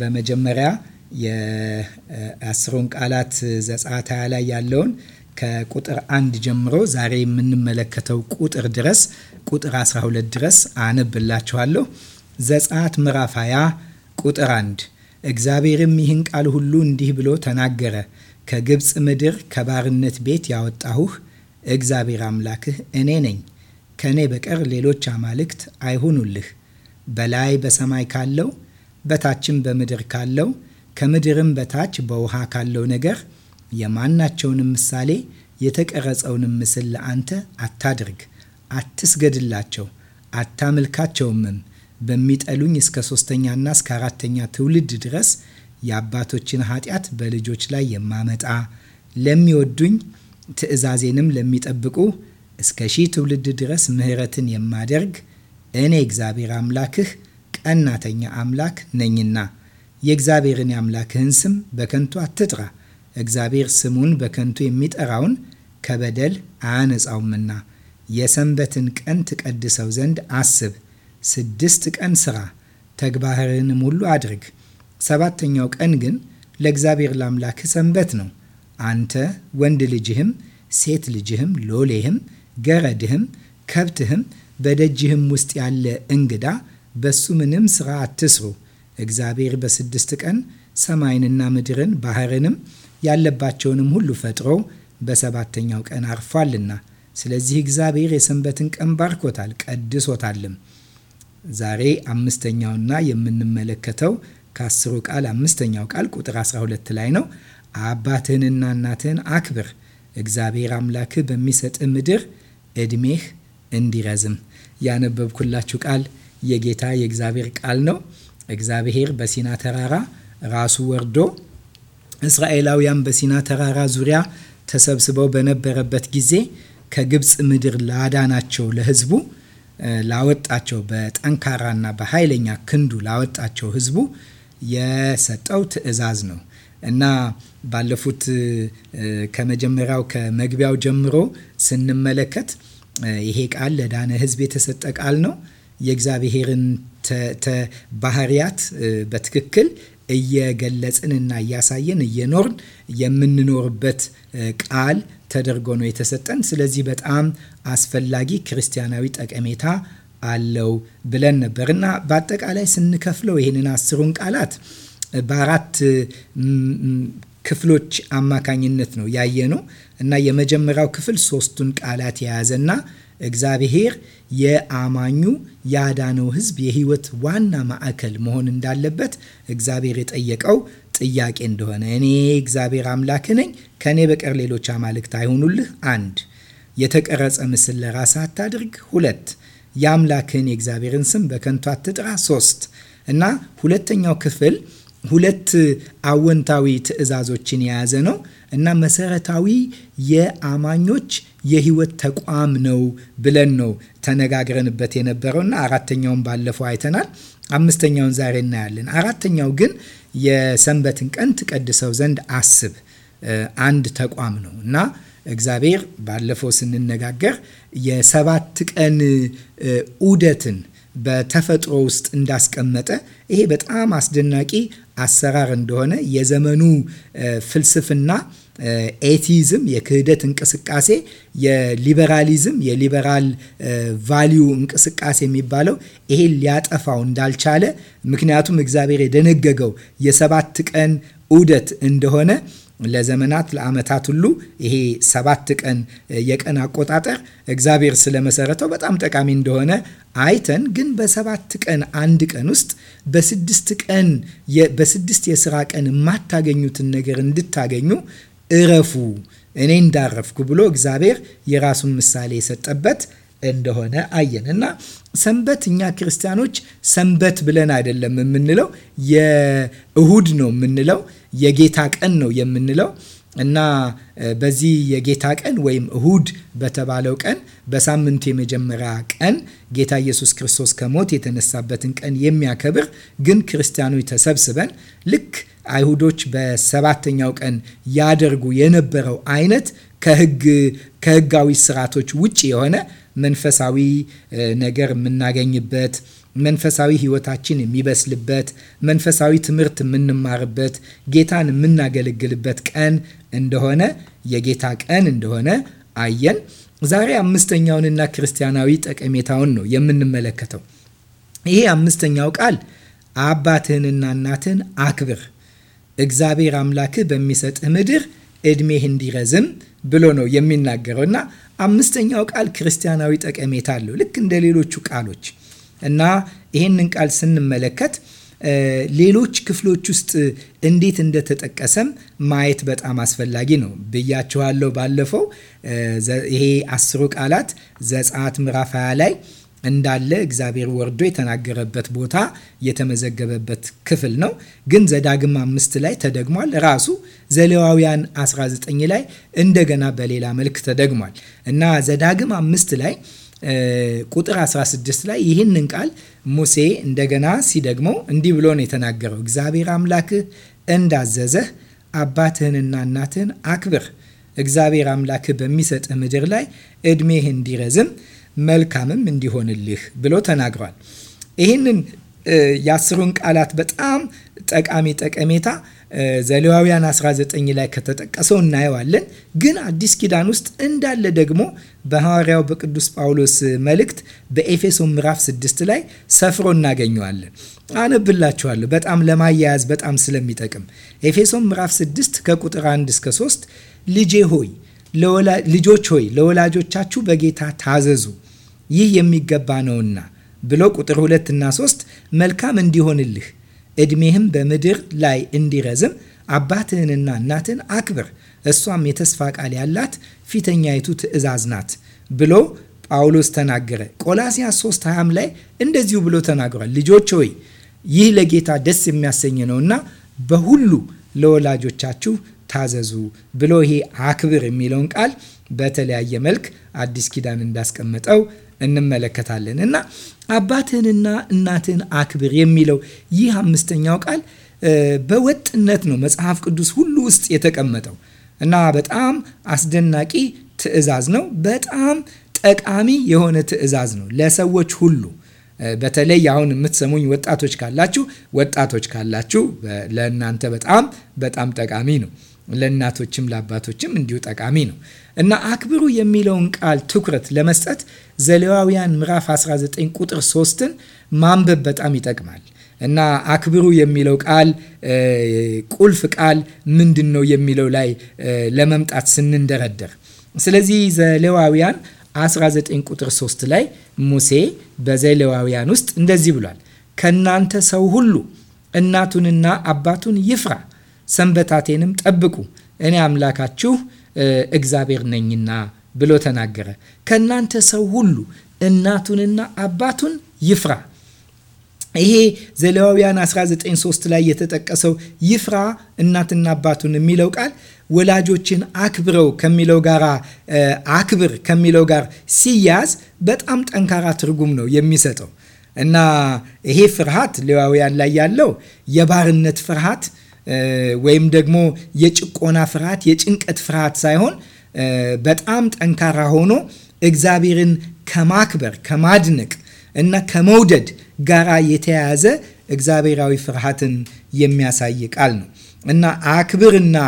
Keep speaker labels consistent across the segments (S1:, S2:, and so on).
S1: በመጀመሪያ የአስሩን ቃላት ዘጸአት ሃያ ላይ ያለውን ከቁጥር አንድ ጀምሮ ዛሬ የምንመለከተው ቁጥር ድረስ ቁጥር 12 ድረስ አነብላችኋለሁ። ዘጸአት ምዕራፍ 20 ቁጥር 1 እግዚአብሔርም ይህን ቃል ሁሉ እንዲህ ብሎ ተናገረ። ከግብፅ ምድር ከባርነት ቤት ያወጣሁህ እግዚአብሔር አምላክህ እኔ ነኝ። ከእኔ በቀር ሌሎች አማልክት አይሁኑልህ። በላይ በሰማይ ካለው በታችም በምድር ካለው ከምድርም በታች በውሃ ካለው ነገር የማናቸውንም ምሳሌ የተቀረጸውንም ምስል ለአንተ አታድርግ። አትስገድላቸው፣ አታምልካቸውምም። በሚጠሉኝ እስከ ሶስተኛና እስከ አራተኛ ትውልድ ድረስ የአባቶችን ኃጢአት በልጆች ላይ የማመጣ ለሚወዱኝ ትእዛዜንም ለሚጠብቁ እስከ ሺህ ትውልድ ድረስ ምሕረትን የማደርግ እኔ እግዚአብሔር አምላክህ ቀናተኛ አምላክ ነኝና የእግዚአብሔርን የአምላክህን ስም በከንቱ አትጥራ፣ እግዚአብሔር ስሙን በከንቱ የሚጠራውን ከበደል አያነጻውምና። የሰንበትን ቀን ትቀድሰው ዘንድ አስብ። ስድስት ቀን ስራ፣ ተግባርህንም ሁሉ አድርግ። ሰባተኛው ቀን ግን ለእግዚአብሔር ለአምላክህ ሰንበት ነው። አንተ ወንድ ልጅህም ሴት ልጅህም ሎሌህም ገረድህም ከብትህም በደጅህም ውስጥ ያለ እንግዳ በሱ ምንም ስራ አትስሩ፣ እግዚአብሔር በስድስት ቀን ሰማይንና ምድርን ባህርንም ያለባቸውንም ሁሉ ፈጥሮ በሰባተኛው ቀን አርፏልና። ስለዚህ እግዚአብሔር የሰንበትን ቀን ባርኮታል ቀድሶታልም። ዛሬ አምስተኛውና የምንመለከተው ከአስሩ ቃል አምስተኛው ቃል ቁጥር 12 ላይ ነው። አባትህንና እናትህን አክብር፣ እግዚአብሔር አምላክህ በሚሰጥህ ምድር ዕድሜህ እንዲረዝም። ያነበብኩላችሁ ቃል የጌታ የእግዚአብሔር ቃል ነው። እግዚአብሔር በሲና ተራራ ራሱ ወርዶ እስራኤላውያን በሲና ተራራ ዙሪያ ተሰብስበው በነበረበት ጊዜ ከግብፅ ምድር ላዳናቸው ለህዝቡ ላወጣቸው በጠንካራና በኃይለኛ ክንዱ ላወጣቸው ህዝቡ የሰጠው ትእዛዝ ነው እና ባለፉት ከመጀመሪያው ከመግቢያው ጀምሮ ስንመለከት ይሄ ቃል ለዳነ ህዝብ የተሰጠ ቃል ነው። የእግዚአብሔርን ባህሪያት በትክክል እየገለጽንና እያሳየን እየኖርን የምንኖርበት ቃል ተደርጎ ነው የተሰጠን። ስለዚህ በጣም አስፈላጊ ክርስቲያናዊ ጠቀሜታ አለው ብለን ነበር እና በአጠቃላይ ስንከፍለው ይህንን አስሩን ቃላት በአራት ክፍሎች አማካኝነት ነው ያየ ነው እና የመጀመሪያው ክፍል ሶስቱን ቃላት የያዘና እግዚአብሔር የአማኙ ያዳነው ሕዝብ የህይወት ዋና ማዕከል መሆን እንዳለበት እግዚአብሔር የጠየቀው ጥያቄ እንደሆነ እኔ እግዚአብሔር አምላክ ነኝ፣ ከእኔ በቀር ሌሎች አማልክት አይሆኑልህ። አንድ የተቀረጸ ምስል ለራስ አታድርግ። ሁለት የአምላክህን የእግዚአብሔርን ስም በከንቱ አትጥራ። ሶስት እና ሁለተኛው ክፍል ሁለት አወንታዊ ትዕዛዞችን የያዘ ነው እና መሰረታዊ የአማኞች የህይወት ተቋም ነው ብለን ነው ተነጋግረንበት የነበረው እና አራተኛውን ባለፈው አይተናል። አምስተኛውን ዛሬ እናያለን። አራተኛው ግን የሰንበትን ቀን ትቀድሰው ዘንድ አስብ አንድ ተቋም ነው እና እግዚአብሔር ባለፈው ስንነጋገር የሰባት ቀን ዑደትን በተፈጥሮ ውስጥ እንዳስቀመጠ ይሄ በጣም አስደናቂ አሰራር እንደሆነ የዘመኑ ፍልስፍና ኤቲዝም የክህደት እንቅስቃሴ፣ የሊበራሊዝም የሊበራል ቫሊዩ እንቅስቃሴ የሚባለው ይሄን ሊያጠፋው እንዳልቻለ ምክንያቱም እግዚአብሔር የደነገገው የሰባት ቀን ዑደት እንደሆነ ለዘመናት ለዓመታት ሁሉ ይሄ ሰባት ቀን የቀን አቆጣጠር እግዚአብሔር ስለመሰረተው በጣም ጠቃሚ እንደሆነ አይተን ግን በሰባት ቀን አንድ ቀን ውስጥ በስድስት ቀን በስድስት የስራ ቀን የማታገኙትን ነገር እንድታገኙ እረፉ እኔ እንዳረፍኩ ብሎ እግዚአብሔር የራሱን ምሳሌ የሰጠበት እንደሆነ አየን እና ሰንበት እኛ ክርስቲያኖች ሰንበት ብለን አይደለም የምንለው፣ የእሁድ ነው የምንለው፣ የጌታ ቀን ነው የምንለው እና በዚህ የጌታ ቀን ወይም እሁድ በተባለው ቀን በሳምንቱ የመጀመሪያ ቀን ጌታ ኢየሱስ ክርስቶስ ከሞት የተነሳበትን ቀን የሚያከብር ግን ክርስቲያኖች ተሰብስበን ልክ አይሁዶች በሰባተኛው ቀን ያደርጉ የነበረው አይነት ከህግ ከህጋዊ ስርዓቶች ውጭ የሆነ መንፈሳዊ ነገር የምናገኝበት መንፈሳዊ ህይወታችን የሚበስልበት መንፈሳዊ ትምህርት የምንማርበት ጌታን የምናገለግልበት ቀን እንደሆነ የጌታ ቀን እንደሆነ አየን። ዛሬ አምስተኛውንና ክርስቲያናዊ ጠቀሜታውን ነው የምንመለከተው። ይሄ አምስተኛው ቃል አባትህንና እናትህን አክብር እግዚአብሔር አምላክህ በሚሰጥህ ምድር እድሜህ እንዲረዝም ብሎ ነው የሚናገረው እና አምስተኛው ቃል ክርስቲያናዊ ጠቀሜታ አለው ልክ እንደ ሌሎቹ ቃሎች እና ይህንን ቃል ስንመለከት ሌሎች ክፍሎች ውስጥ እንዴት እንደተጠቀሰም ማየት በጣም አስፈላጊ ነው ብያችኋለሁ። ባለፈው ይሄ አስሩ ቃላት ዘጸአት ምዕራፍ 20 ላይ እንዳለ እግዚአብሔር ወርዶ የተናገረበት ቦታ የተመዘገበበት ክፍል ነው። ግን ዘዳግም አምስት ላይ ተደግሟል። ራሱ ዘሌዋውያን 19 ላይ እንደገና በሌላ መልክ ተደግሟል እና ዘዳግም አምስት ላይ ቁጥር 16 ላይ ይህንን ቃል ሙሴ እንደገና ሲደግመው እንዲህ ብሎ ነው የተናገረው። እግዚአብሔር አምላክህ እንዳዘዘህ አባትህንና እናትህን አክብር፣ እግዚአብሔር አምላክህ በሚሰጥህ ምድር ላይ ዕድሜህ እንዲረዝም መልካምም እንዲሆንልህ ብሎ ተናግሯል። ይህንን የአስሩን ቃላት በጣም ጠቃሚ ጠቀሜታ ዘሌዋውያን 19 ላይ ከተጠቀሰው እናየዋለን። ግን አዲስ ኪዳን ውስጥ እንዳለ ደግሞ በሐዋርያው በቅዱስ ጳውሎስ መልእክት በኤፌሶን ምዕራፍ 6 ላይ ሰፍሮ እናገኘዋለን። አነብላችኋለሁ በጣም ለማያያዝ በጣም ስለሚጠቅም። ኤፌሶን ምዕራፍ 6 ከቁጥር 1 እስከ 3 ልጄ ሆይ ልጆች ሆይ ለወላጆቻችሁ በጌታ ታዘዙ ይህ የሚገባ ነውና ብሎ ቁጥር ሁለት እና ሶስት መልካም እንዲሆንልህ ዕድሜህም በምድር ላይ እንዲረዝም አባትህንና እናትህን አክብር፣ እሷም የተስፋ ቃል ያላት ፊተኛይቱ ትእዛዝ ናት ብሎ ጳውሎስ ተናገረ። ቆላሲያስ 3 20 ላይ እንደዚሁ ብሎ ተናግሯል። ልጆች ሆይ ይህ ለጌታ ደስ የሚያሰኝ ነውና በሁሉ ለወላጆቻችሁ ታዘዙ ብሎ ይሄ አክብር የሚለውን ቃል በተለያየ መልክ አዲስ ኪዳን እንዳስቀመጠው እንመለከታለን እና አባትህንና እናትህን አክብር የሚለው ይህ አምስተኛው ቃል በወጥነት ነው መጽሐፍ ቅዱስ ሁሉ ውስጥ የተቀመጠው እና በጣም አስደናቂ ትዕዛዝ ነው። በጣም ጠቃሚ የሆነ ትዕዛዝ ነው ለሰዎች ሁሉ በተለይ አሁን የምትሰሙኝ ወጣቶች ካላችሁ ወጣቶች ካላችሁ ለእናንተ በጣም በጣም ጠቃሚ ነው። ለእናቶችም ለአባቶችም እንዲሁ ጠቃሚ ነው እና አክብሩ የሚለውን ቃል ትኩረት ለመስጠት ዘሌዋውያን ምዕራፍ 19 ቁጥር 3ን ማንበብ በጣም ይጠቅማል እና አክብሩ የሚለው ቃል ቁልፍ ቃል ምንድን ነው የሚለው ላይ ለመምጣት ስንንደረደር ስለዚህ ዘሌዋውያን 19 ቁጥር 3 ላይ ሙሴ በዘሌዋውያን ውስጥ እንደዚህ ብሏል ከእናንተ ሰው ሁሉ እናቱንና አባቱን ይፍራ ሰንበታቴንም ጠብቁ እኔ አምላካችሁ እግዚአብሔር ነኝና ብሎ ተናገረ። ከእናንተ ሰው ሁሉ እናቱንና አባቱን ይፍራ። ይሄ ዘሌዋውያን 19፥3 ላይ የተጠቀሰው ይፍራ እናትና አባቱን የሚለው ቃል ወላጆችን አክብረው ከሚለው ጋር አክብር ከሚለው ጋር ሲያዝ በጣም ጠንካራ ትርጉም ነው የሚሰጠው እና ይሄ ፍርሃት ሌዋውያን ላይ ያለው የባርነት ፍርሃት ወይም ደግሞ የጭቆና ፍርሃት፣ የጭንቀት ፍርሃት ሳይሆን በጣም ጠንካራ ሆኖ እግዚአብሔርን ከማክበር ከማድነቅ እና ከመውደድ ጋራ የተያያዘ እግዚአብሔራዊ ፍርሃትን የሚያሳይ ቃል ነው እና አክብርና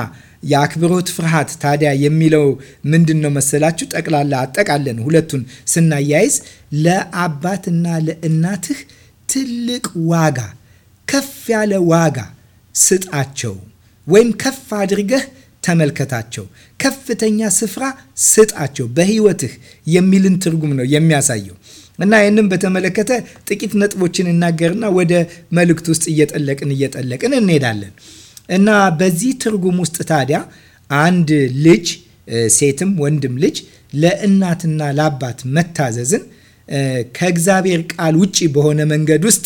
S1: የአክብሮት ፍርሃት ታዲያ የሚለው ምንድን ነው መሰላችሁ? ጠቅላላ አጠቃለን ሁለቱን ስናያይዝ ለአባትና ለእናትህ ትልቅ ዋጋ፣ ከፍ ያለ ዋጋ ስጣቸው ወይም ከፍ አድርገህ ተመልከታቸው ከፍተኛ ስፍራ ስጣቸው በህይወትህ የሚልን ትርጉም ነው የሚያሳየው። እና ይህንም በተመለከተ ጥቂት ነጥቦችን እናገርና ወደ መልእክት ውስጥ እየጠለቅን እየጠለቅን እንሄዳለን። እና በዚህ ትርጉም ውስጥ ታዲያ አንድ ልጅ ሴትም ወንድም ልጅ ለእናትና ለአባት መታዘዝን ከእግዚአብሔር ቃል ውጭ በሆነ መንገድ ውስጥ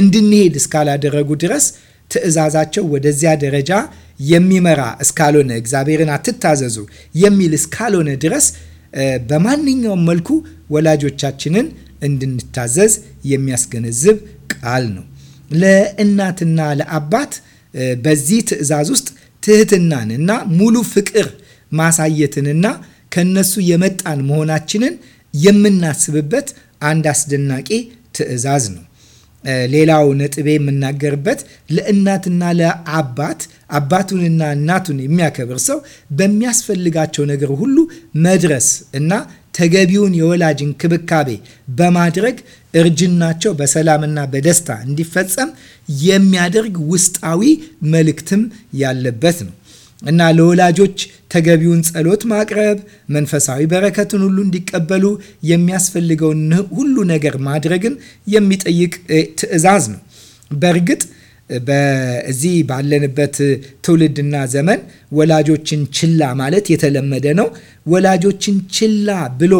S1: እንድንሄድ እስካላደረጉ ድረስ ትእዛዛቸው ወደዚያ ደረጃ የሚመራ እስካልሆነ እግዚአብሔርን አትታዘዙ የሚል እስካልሆነ ድረስ በማንኛውም መልኩ ወላጆቻችንን እንድንታዘዝ የሚያስገነዝብ ቃል ነው። ለእናትና ለአባት በዚህ ትእዛዝ ውስጥ ትህትናን እና ሙሉ ፍቅር ማሳየትንና ከነሱ የመጣን መሆናችንን የምናስብበት አንድ አስደናቂ ትእዛዝ ነው። ሌላው ነጥቤ የምናገርበት ለእናትና ለአባት አባቱንና እናቱን የሚያከብር ሰው በሚያስፈልጋቸው ነገር ሁሉ መድረስ እና ተገቢውን የወላጅ እንክብካቤ በማድረግ እርጅናቸው በሰላምና በደስታ እንዲፈጸም የሚያደርግ ውስጣዊ መልእክትም ያለበት ነው። እና ለወላጆች ተገቢውን ጸሎት ማቅረብ፣ መንፈሳዊ በረከትን ሁሉ እንዲቀበሉ የሚያስፈልገውን ሁሉ ነገር ማድረግን የሚጠይቅ ትዕዛዝ ነው። በእርግጥ በዚህ ባለንበት ትውልድና ዘመን ወላጆችን ችላ ማለት የተለመደ ነው። ወላጆችን ችላ ብሎ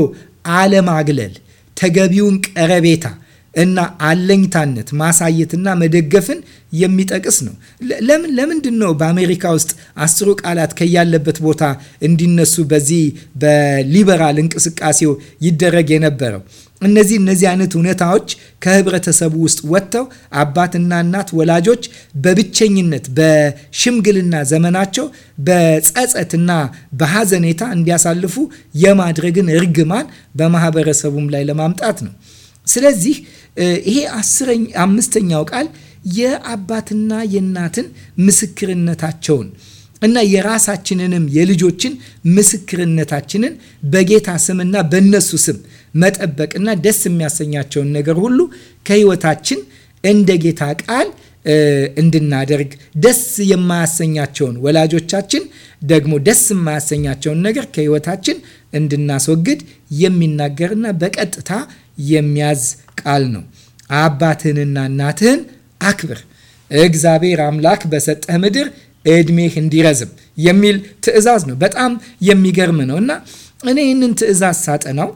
S1: አለማግለል፣ ተገቢውን ቀረቤታ እና አለኝታነት ማሳየትና መደገፍን የሚጠቅስ ነው። ለምን ለምንድን ነው በአሜሪካ ውስጥ አስሩ ቃላት ከያለበት ቦታ እንዲነሱ በዚህ በሊበራል እንቅስቃሴው ይደረግ የነበረው? እነዚህ እነዚህ አይነት እውነታዎች ከህብረተሰቡ ውስጥ ወጥተው አባትና እናት ወላጆች በብቸኝነት በሽምግልና ዘመናቸው በጸጸትና በሐዘኔታ እንዲያሳልፉ የማድረግን እርግማን በማህበረሰቡም ላይ ለማምጣት ነው። ስለዚህ ይሄ አምስተኛው ቃል የአባትና የእናትን ምስክርነታቸውን እና የራሳችንንም የልጆችን ምስክርነታችንን በጌታ ስምና በእነሱ ስም መጠበቅና ደስ የሚያሰኛቸውን ነገር ሁሉ ከህይወታችን እንደ ጌታ ቃል እንድናደርግ ደስ የማያሰኛቸውን ወላጆቻችን ደግሞ ደስ የማያሰኛቸውን ነገር ከህይወታችን እንድናስወግድ የሚናገርና በቀጥታ የሚያዝ ቃል ነው። አባትህንና እናትህን አክብር፣ እግዚአብሔር አምላክ በሰጠህ ምድር እድሜህ እንዲረዝም የሚል ትእዛዝ ነው። በጣም የሚገርም ነው እና እኔ ይህንን ትእዛዝ ሳጠናው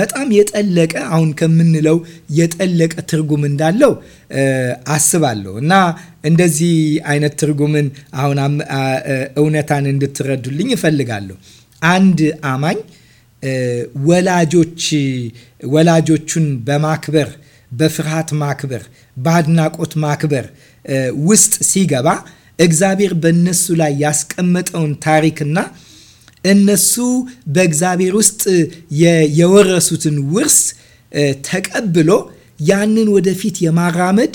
S1: በጣም የጠለቀ አሁን ከምንለው የጠለቀ ትርጉም እንዳለው አስባለሁ እና እንደዚህ አይነት ትርጉምን አሁን እውነታን እንድትረዱልኝ እፈልጋለሁ። አንድ አማኝ ወላጆች ወላጆቹን በማክበር በፍርሃት ማክበር በአድናቆት ማክበር ውስጥ ሲገባ እግዚአብሔር በእነሱ ላይ ያስቀመጠውን ታሪክና እነሱ በእግዚአብሔር ውስጥ የወረሱትን ውርስ ተቀብሎ ያንን ወደፊት የማራመድ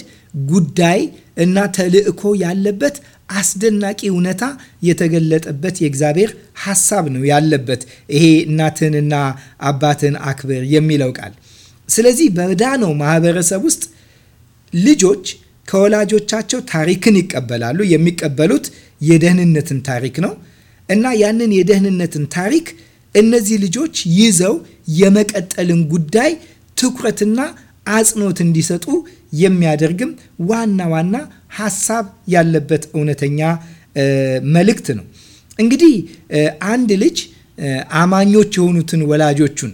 S1: ጉዳይ እና ተልዕኮ ያለበት አስደናቂ እውነታ የተገለጠበት የእግዚአብሔር ሀሳብ ነው ያለበት ይሄ እናትንና አባትን አክብር የሚለው ቃል። ስለዚህ በዳነው ማህበረሰብ ውስጥ ልጆች ከወላጆቻቸው ታሪክን ይቀበላሉ። የሚቀበሉት የደህንነትን ታሪክ ነው እና ያንን የደህንነትን ታሪክ እነዚህ ልጆች ይዘው የመቀጠልን ጉዳይ ትኩረትና አጽንኦት እንዲሰጡ የሚያደርግም ዋና ዋና ሀሳብ ያለበት እውነተኛ መልእክት ነው። እንግዲህ አንድ ልጅ አማኞች የሆኑትን ወላጆቹን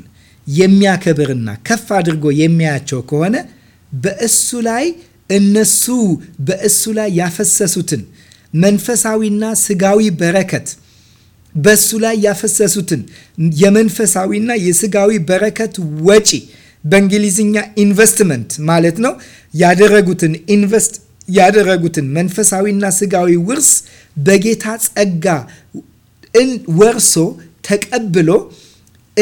S1: የሚያከብርና ከፍ አድርጎ የሚያያቸው ከሆነ በእሱ ላይ እነሱ በእሱ ላይ ያፈሰሱትን መንፈሳዊና ስጋዊ በረከት በእሱ ላይ ያፈሰሱትን የመንፈሳዊና የስጋዊ በረከት ወጪ በእንግሊዝኛ ኢንቨስትመንት ማለት ነው። ያደረጉትን ኢንቨስት ያደረጉትን መንፈሳዊና ስጋዊ ውርስ በጌታ ጸጋ ወርሶ ተቀብሎ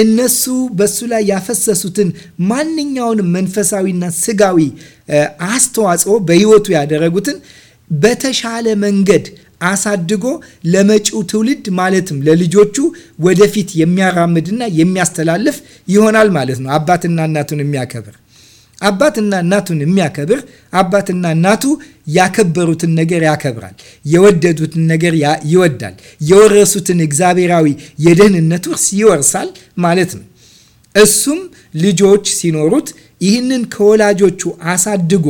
S1: እነሱ በሱ ላይ ያፈሰሱትን ማንኛውንም መንፈሳዊና ስጋዊ አስተዋጽኦ በህይወቱ ያደረጉትን በተሻለ መንገድ አሳድጎ ለመጪው ትውልድ ማለትም ለልጆቹ ወደፊት የሚያራምድና የሚያስተላልፍ ይሆናል ማለት ነው። አባትና እናቱን የሚያከብር አባትና እናቱን የሚያከብር አባትና እናቱ ያከበሩትን ነገር ያከብራል። የወደዱትን ነገር ይወዳል። የወረሱትን እግዚአብሔራዊ የደህንነት ውርስ ይወርሳል ማለት ነው። እሱም ልጆች ሲኖሩት ይህንን ከወላጆቹ አሳድጎ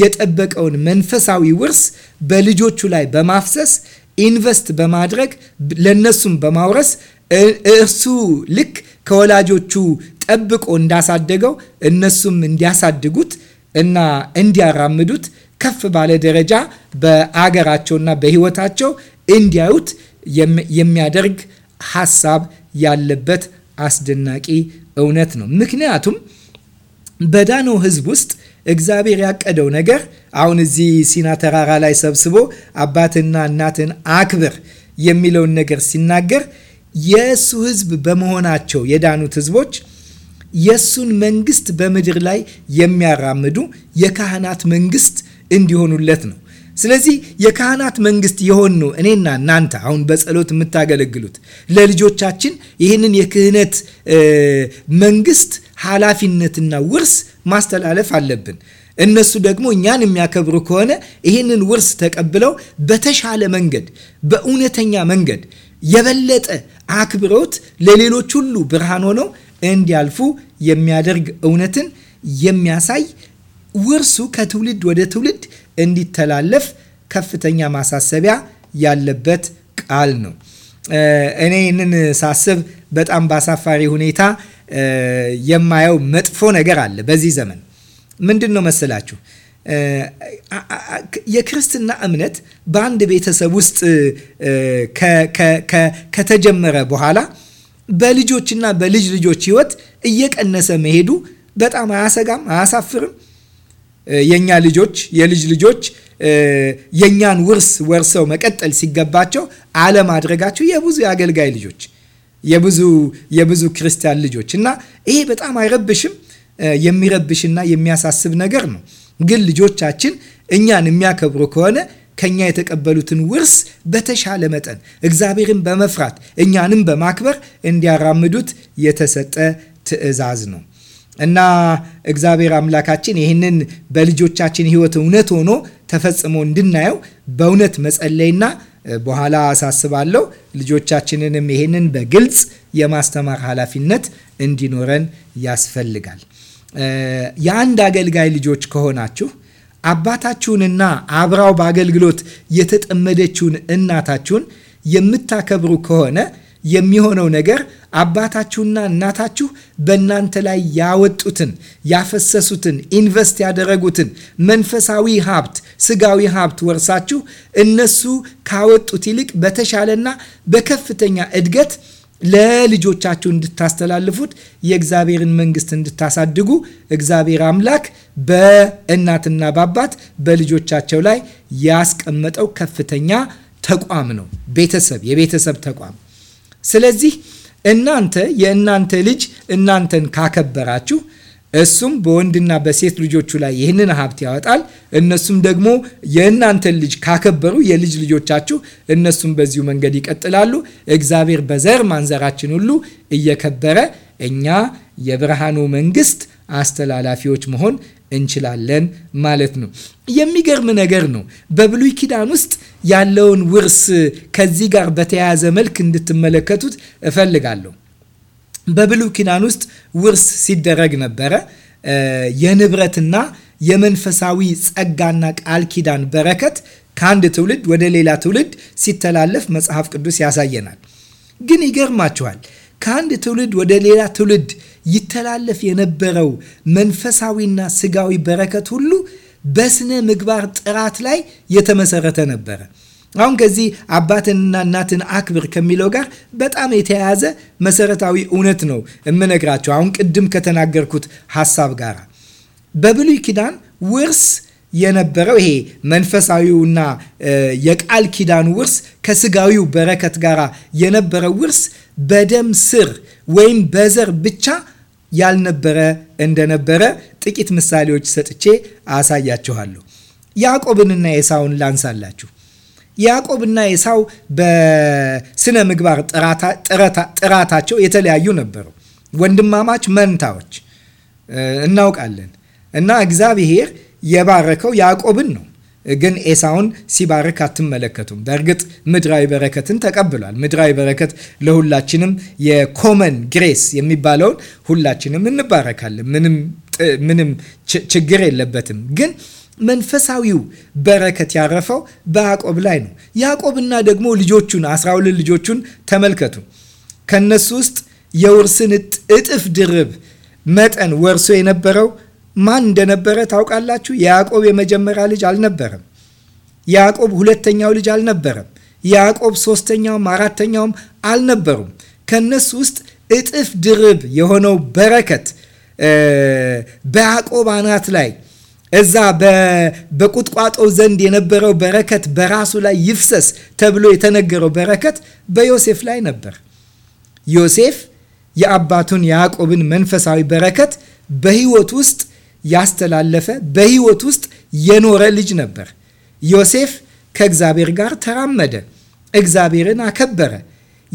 S1: የጠበቀውን መንፈሳዊ ውርስ በልጆቹ ላይ በማፍሰስ ኢንቨስት በማድረግ ለነሱም በማውረስ እርሱ ልክ ከወላጆቹ ጠብቆ እንዳሳደገው እነሱም እንዲያሳድጉት እና እንዲያራምዱት ከፍ ባለ ደረጃ በአገራቸውና በሕይወታቸው እንዲያዩት የሚያደርግ ሀሳብ ያለበት አስደናቂ እውነት ነው። ምክንያቱም በዳነው ሕዝብ ውስጥ እግዚአብሔር ያቀደው ነገር አሁን እዚህ ሲና ተራራ ላይ ሰብስቦ አባትና እናትን አክብር የሚለውን ነገር ሲናገር የእሱ ሕዝብ በመሆናቸው የዳኑት ሕዝቦች የእሱን መንግስት በምድር ላይ የሚያራምዱ የካህናት መንግስት እንዲሆኑለት ነው። ስለዚህ የካህናት መንግስት የሆኑ እኔና እናንተ አሁን በጸሎት የምታገለግሉት ለልጆቻችን ይህንን የክህነት መንግስት ኃላፊነትና ውርስ ማስተላለፍ አለብን። እነሱ ደግሞ እኛን የሚያከብሩ ከሆነ ይህንን ውርስ ተቀብለው በተሻለ መንገድ፣ በእውነተኛ መንገድ የበለጠ አክብሮት ለሌሎች ሁሉ ብርሃን ሆነው እንዲያልፉ የሚያደርግ እውነትን የሚያሳይ ውርሱ ከትውልድ ወደ ትውልድ እንዲተላለፍ ከፍተኛ ማሳሰቢያ ያለበት ቃል ነው። እኔ ይህንን ሳስብ በጣም በአሳፋሪ ሁኔታ የማየው መጥፎ ነገር አለ በዚህ ዘመን። ምንድን ነው መሰላችሁ? የክርስትና እምነት በአንድ ቤተሰብ ውስጥ ከተጀመረ በኋላ በልጆችና በልጅ ልጆች ህይወት እየቀነሰ መሄዱ በጣም አያሰጋም? አያሳፍርም? የእኛ ልጆች የልጅ ልጆች የእኛን ውርስ ወርሰው መቀጠል ሲገባቸው አለማድረጋቸው የብዙ የአገልጋይ ልጆች የብዙ የብዙ ክርስቲያን ልጆች እና ይሄ በጣም አይረብሽም? የሚረብሽና የሚያሳስብ ነገር ነው። ግን ልጆቻችን እኛን የሚያከብሩ ከሆነ ከኛ የተቀበሉትን ውርስ በተሻለ መጠን እግዚአብሔርን በመፍራት እኛንም በማክበር እንዲያራምዱት የተሰጠ ትእዛዝ ነው እና እግዚአብሔር አምላካችን ይህንን በልጆቻችን ሕይወት እውነት ሆኖ ተፈጽሞ እንድናየው በእውነት መጸለይና በኋላ አሳስባለሁ ልጆቻችንንም ይህንን በግልጽ የማስተማር ኃላፊነት እንዲኖረን ያስፈልጋል። የአንድ አገልጋይ ልጆች ከሆናችሁ አባታችሁንና አብራው በአገልግሎት የተጠመደችውን እናታችሁን የምታከብሩ ከሆነ የሚሆነው ነገር አባታችሁና እናታችሁ በእናንተ ላይ ያወጡትን ያፈሰሱትን ኢንቨስት ያደረጉትን መንፈሳዊ ሀብት፣ ስጋዊ ሀብት ወርሳችሁ እነሱ ካወጡት ይልቅ በተሻለና በከፍተኛ እድገት ለልጆቻችሁ እንድታስተላልፉት የእግዚአብሔርን መንግስት እንድታሳድጉ እግዚአብሔር አምላክ በእናትና በአባት በልጆቻቸው ላይ ያስቀመጠው ከፍተኛ ተቋም ነው፣ ቤተሰብ፣ የቤተሰብ ተቋም። ስለዚህ እናንተ የእናንተ ልጅ እናንተን ካከበራችሁ እሱም በወንድና በሴት ልጆቹ ላይ ይህንን ሀብት ያወጣል። እነሱም ደግሞ የእናንተን ልጅ ካከበሩ የልጅ ልጆቻችሁ እነሱም በዚሁ መንገድ ይቀጥላሉ። እግዚአብሔር በዘር ማንዘራችን ሁሉ እየከበረ እኛ የብርሃኑ መንግስት አስተላላፊዎች መሆን እንችላለን ማለት ነው። የሚገርም ነገር ነው። በብሉይ ኪዳን ውስጥ ያለውን ውርስ ከዚህ ጋር በተያያዘ መልክ እንድትመለከቱት እፈልጋለሁ። በብሉ ኪዳን ውስጥ ውርስ ሲደረግ ነበረ። የንብረትና የመንፈሳዊ ጸጋና ቃል ኪዳን በረከት ከአንድ ትውልድ ወደ ሌላ ትውልድ ሲተላለፍ መጽሐፍ ቅዱስ ያሳየናል። ግን ይገርማችኋል ከአንድ ትውልድ ወደ ሌላ ትውልድ ይተላለፍ የነበረው መንፈሳዊና ስጋዊ በረከት ሁሉ በስነ ምግባር ጥራት ላይ የተመሰረተ ነበረ። አሁን ከዚህ አባትንና እናትን አክብር ከሚለው ጋር በጣም የተያያዘ መሰረታዊ እውነት ነው የምነግራቸው። አሁን ቅድም ከተናገርኩት ሀሳብ ጋር በብሉይ ኪዳን ውርስ የነበረው ይሄ መንፈሳዊውና የቃል ኪዳን ውርስ ከስጋዊው በረከት ጋር የነበረው ውርስ በደም ስር ወይም በዘር ብቻ ያልነበረ እንደነበረ ጥቂት ምሳሌዎች ሰጥቼ አሳያችኋለሁ። ያዕቆብንና ኤሳውን ላንሳላችሁ። ያዕቆብና ኤሳው በስነ ምግባር ጥራታቸው የተለያዩ ነበሩ። ወንድማማች መንታዎች እናውቃለን። እና እግዚአብሔር የባረከው ያዕቆብን ነው፣ ግን ኤሳውን ሲባርክ አትመለከቱም። በእርግጥ ምድራዊ በረከትን ተቀብሏል። ምድራዊ በረከት ለሁላችንም የኮመን ግሬስ የሚባለውን ሁላችንም እንባረካለን። ምንም ችግር የለበትም ግን መንፈሳዊው በረከት ያረፈው በያዕቆብ ላይ ነው። ያዕቆብና ደግሞ ልጆቹን አስራ ሁለት ልጆቹን ተመልከቱ። ከነሱ ውስጥ የውርስን እጥፍ ድርብ መጠን ወርሶ የነበረው ማን እንደነበረ ታውቃላችሁ? የያዕቆብ የመጀመሪያ ልጅ አልነበረም። ያዕቆብ ሁለተኛው ልጅ አልነበረም። ያዕቆብ ሶስተኛውም አራተኛውም አልነበሩም። ከነሱ ውስጥ እጥፍ ድርብ የሆነው በረከት በያዕቆብ አናት ላይ እዛ በቁጥቋጦ ዘንድ የነበረው በረከት በራሱ ላይ ይፍሰስ ተብሎ የተነገረው በረከት በዮሴፍ ላይ ነበር። ዮሴፍ የአባቱን የያዕቆብን መንፈሳዊ በረከት በሕይወት ውስጥ ያስተላለፈ በሕይወት ውስጥ የኖረ ልጅ ነበር። ዮሴፍ ከእግዚአብሔር ጋር ተራመደ፣ እግዚአብሔርን አከበረ።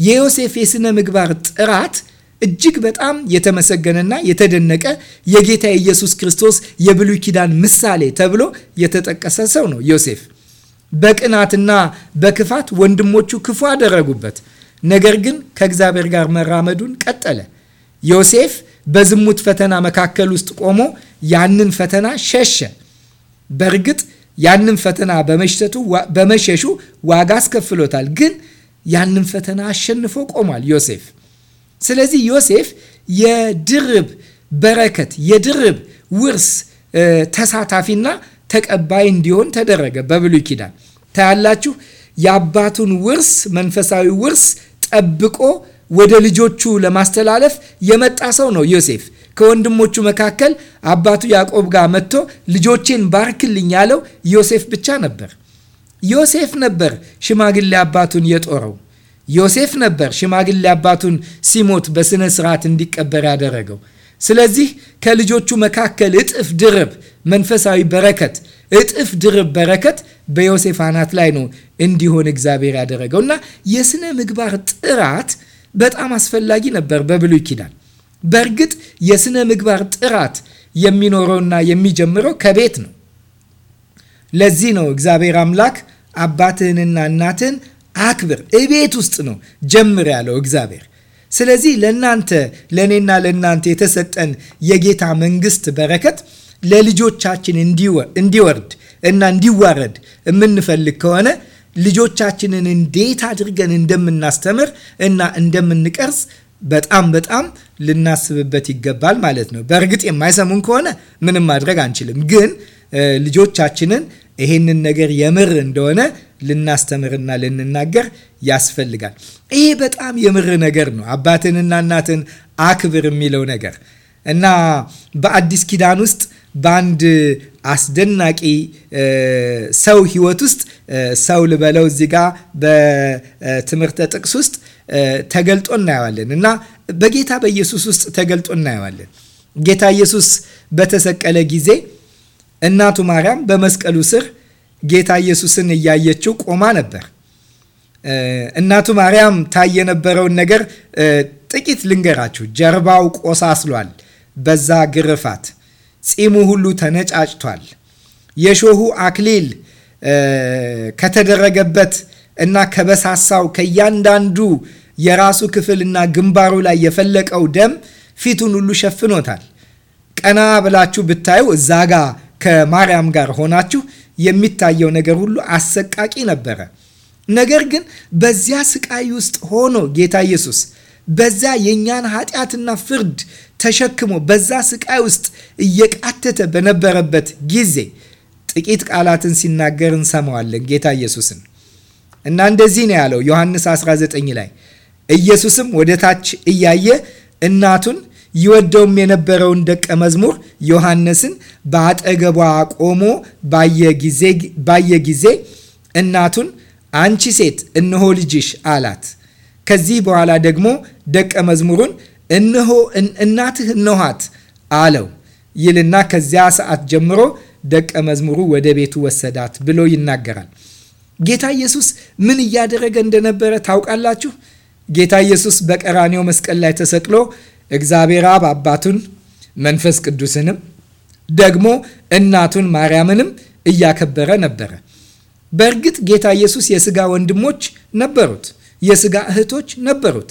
S1: የዮሴፍ የሥነ ምግባር ጥራት እጅግ በጣም የተመሰገነና የተደነቀ የጌታ የኢየሱስ ክርስቶስ የብሉይ ኪዳን ምሳሌ ተብሎ የተጠቀሰ ሰው ነው ዮሴፍ። በቅናትና በክፋት ወንድሞቹ ክፉ አደረጉበት። ነገር ግን ከእግዚአብሔር ጋር መራመዱን ቀጠለ። ዮሴፍ በዝሙት ፈተና መካከል ውስጥ ቆሞ ያንን ፈተና ሸሸ። በእርግጥ ያንን ፈተና በመሸቱ በመሸሹ ዋጋ አስከፍሎታል። ግን ያንን ፈተና አሸንፎ ቆሟል ዮሴፍ ስለዚህ ዮሴፍ የድርብ በረከት የድርብ ውርስ ተሳታፊና ተቀባይ እንዲሆን ተደረገ። በብሉይ ኪዳን ታያላችሁ። የአባቱን ውርስ መንፈሳዊ ውርስ ጠብቆ ወደ ልጆቹ ለማስተላለፍ የመጣ ሰው ነው ዮሴፍ። ከወንድሞቹ መካከል አባቱ ያዕቆብ ጋር መጥቶ ልጆቼን ባርክልኝ ያለው ዮሴፍ ብቻ ነበር። ዮሴፍ ነበር ሽማግሌ አባቱን የጦረው። ዮሴፍ ነበር ሽማግሌ አባቱን ሲሞት በሥነ ሥርዓት እንዲቀበር ያደረገው። ስለዚህ ከልጆቹ መካከል እጥፍ ድርብ መንፈሳዊ በረከት እጥፍ ድርብ በረከት በዮሴፍ አናት ላይ ነው እንዲሆን እግዚአብሔር ያደረገው እና የሥነ ምግባር ጥራት በጣም አስፈላጊ ነበር በብሉይ ኪዳን። በእርግጥ የሥነ ምግባር ጥራት የሚኖረውና የሚጀምረው ከቤት ነው። ለዚህ ነው እግዚአብሔር አምላክ አባትህንና እናትህን አክብር። እቤት ውስጥ ነው ጀምር ያለው እግዚአብሔር። ስለዚህ ለእናንተ ለእኔና ለእናንተ የተሰጠን የጌታ መንግስት በረከት ለልጆቻችን እንዲወርድ እና እንዲዋረድ የምንፈልግ ከሆነ ልጆቻችንን እንዴት አድርገን እንደምናስተምር እና እንደምንቀርጽ በጣም በጣም ልናስብበት ይገባል ማለት ነው። በእርግጥ የማይሰሙን ከሆነ ምንም ማድረግ አንችልም፣ ግን ልጆቻችንን ይህንን ነገር የምር እንደሆነ ልናስተምርና ልንናገር ያስፈልጋል። ይህ በጣም የምር ነገር ነው። አባትንና እናትን አክብር የሚለው ነገር እና በአዲስ ኪዳን ውስጥ በአንድ አስደናቂ ሰው ህይወት ውስጥ ሰው ልበለው እዚህ ጋ በትምህርተ ጥቅስ ውስጥ ተገልጦ እናየዋለን እና በጌታ በኢየሱስ ውስጥ ተገልጦ እናየዋለን። ጌታ ኢየሱስ በተሰቀለ ጊዜ እናቱ ማርያም በመስቀሉ ስር ጌታ ኢየሱስን እያየችው ቆማ ነበር። እናቱ ማርያም ታይ የነበረውን ነገር ጥቂት ልንገራችሁ። ጀርባው ቆሳስሏል፣ በዛ ግርፋት ፂሙ ሁሉ ተነጫጭቷል። የሾሁ አክሊል ከተደረገበት እና ከበሳሳው ከእያንዳንዱ የራሱ ክፍል እና ግንባሩ ላይ የፈለቀው ደም ፊቱን ሁሉ ሸፍኖታል። ቀና ብላችሁ ብታዩ እዛ ጋ ከማርያም ጋር ሆናችሁ የሚታየው ነገር ሁሉ አሰቃቂ ነበረ። ነገር ግን በዚያ ስቃይ ውስጥ ሆኖ ጌታ ኢየሱስ በዛ የእኛን ኃጢአትና ፍርድ ተሸክሞ በዛ ስቃይ ውስጥ እየቃተተ በነበረበት ጊዜ ጥቂት ቃላትን ሲናገር እንሰማዋለን ጌታ ኢየሱስን እና እንደዚህ ነው ያለው ዮሐንስ 19 ላይ ኢየሱስም ወደ ታች እያየ እናቱን ይወደውም የነበረውን ደቀ መዝሙር ዮሐንስን በአጠገቧ ቆሞ ባየ ጊዜ እናቱን አንቺ ሴት እነሆ ልጅሽ አላት። ከዚህ በኋላ ደግሞ ደቀ መዝሙሩን እነሆ እናትህ እነኋት አለው ይልና ከዚያ ሰዓት ጀምሮ ደቀ መዝሙሩ ወደ ቤቱ ወሰዳት ብሎ ይናገራል። ጌታ ኢየሱስ ምን እያደረገ እንደነበረ ታውቃላችሁ? ጌታ ኢየሱስ በቀራኔው መስቀል ላይ ተሰቅሎ እግዚአብሔር አብ አባቱን መንፈስ ቅዱስንም ደግሞ እናቱን ማርያምንም እያከበረ ነበረ። በእርግጥ ጌታ ኢየሱስ የስጋ ወንድሞች ነበሩት፣ የስጋ እህቶች ነበሩት።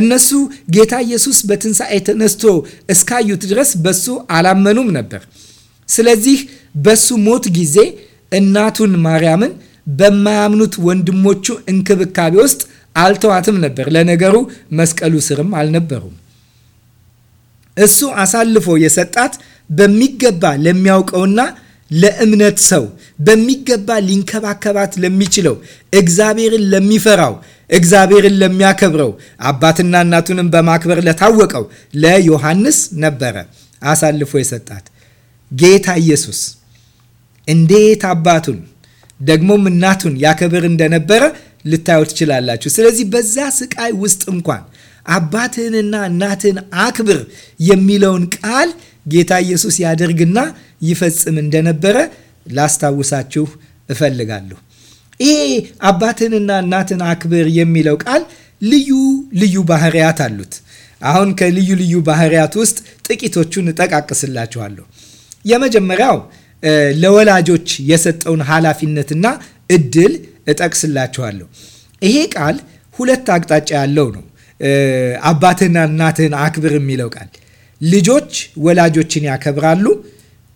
S1: እነሱ ጌታ ኢየሱስ በትንሣኤ ተነስቶ እስካዩት ድረስ በሱ አላመኑም ነበር። ስለዚህ በሱ ሞት ጊዜ እናቱን ማርያምን በማያምኑት ወንድሞቹ እንክብካቤ ውስጥ አልተዋትም ነበር። ለነገሩ መስቀሉ ስርም አልነበሩም። እሱ አሳልፎ የሰጣት በሚገባ ለሚያውቀውና ለእምነት ሰው በሚገባ ሊንከባከባት ለሚችለው እግዚአብሔርን ለሚፈራው እግዚአብሔርን ለሚያከብረው አባትና እናቱንም በማክበር ለታወቀው ለዮሐንስ ነበረ አሳልፎ የሰጣት። ጌታ ኢየሱስ እንዴት አባቱን ደግሞም እናቱን ያከብር እንደነበረ ልታዩ ትችላላችሁ። ስለዚህ በዛ ስቃይ ውስጥ እንኳን አባትህንና እናትህን አክብር የሚለውን ቃል ጌታ ኢየሱስ ያደርግና ይፈጽም እንደነበረ ላስታውሳችሁ እፈልጋለሁ። ይሄ አባትህንና እናትን አክብር የሚለው ቃል ልዩ ልዩ ባህሪያት አሉት። አሁን ከልዩ ልዩ ባህሪያት ውስጥ ጥቂቶቹን እጠቃቅስላችኋለሁ። የመጀመሪያው ለወላጆች የሰጠውን ኃላፊነትና እድል እጠቅስላችኋለሁ። ይሄ ቃል ሁለት አቅጣጫ ያለው ነው። አባትህና እናትህን አክብር የሚለው ቃል ልጆች ወላጆችን ያከብራሉ።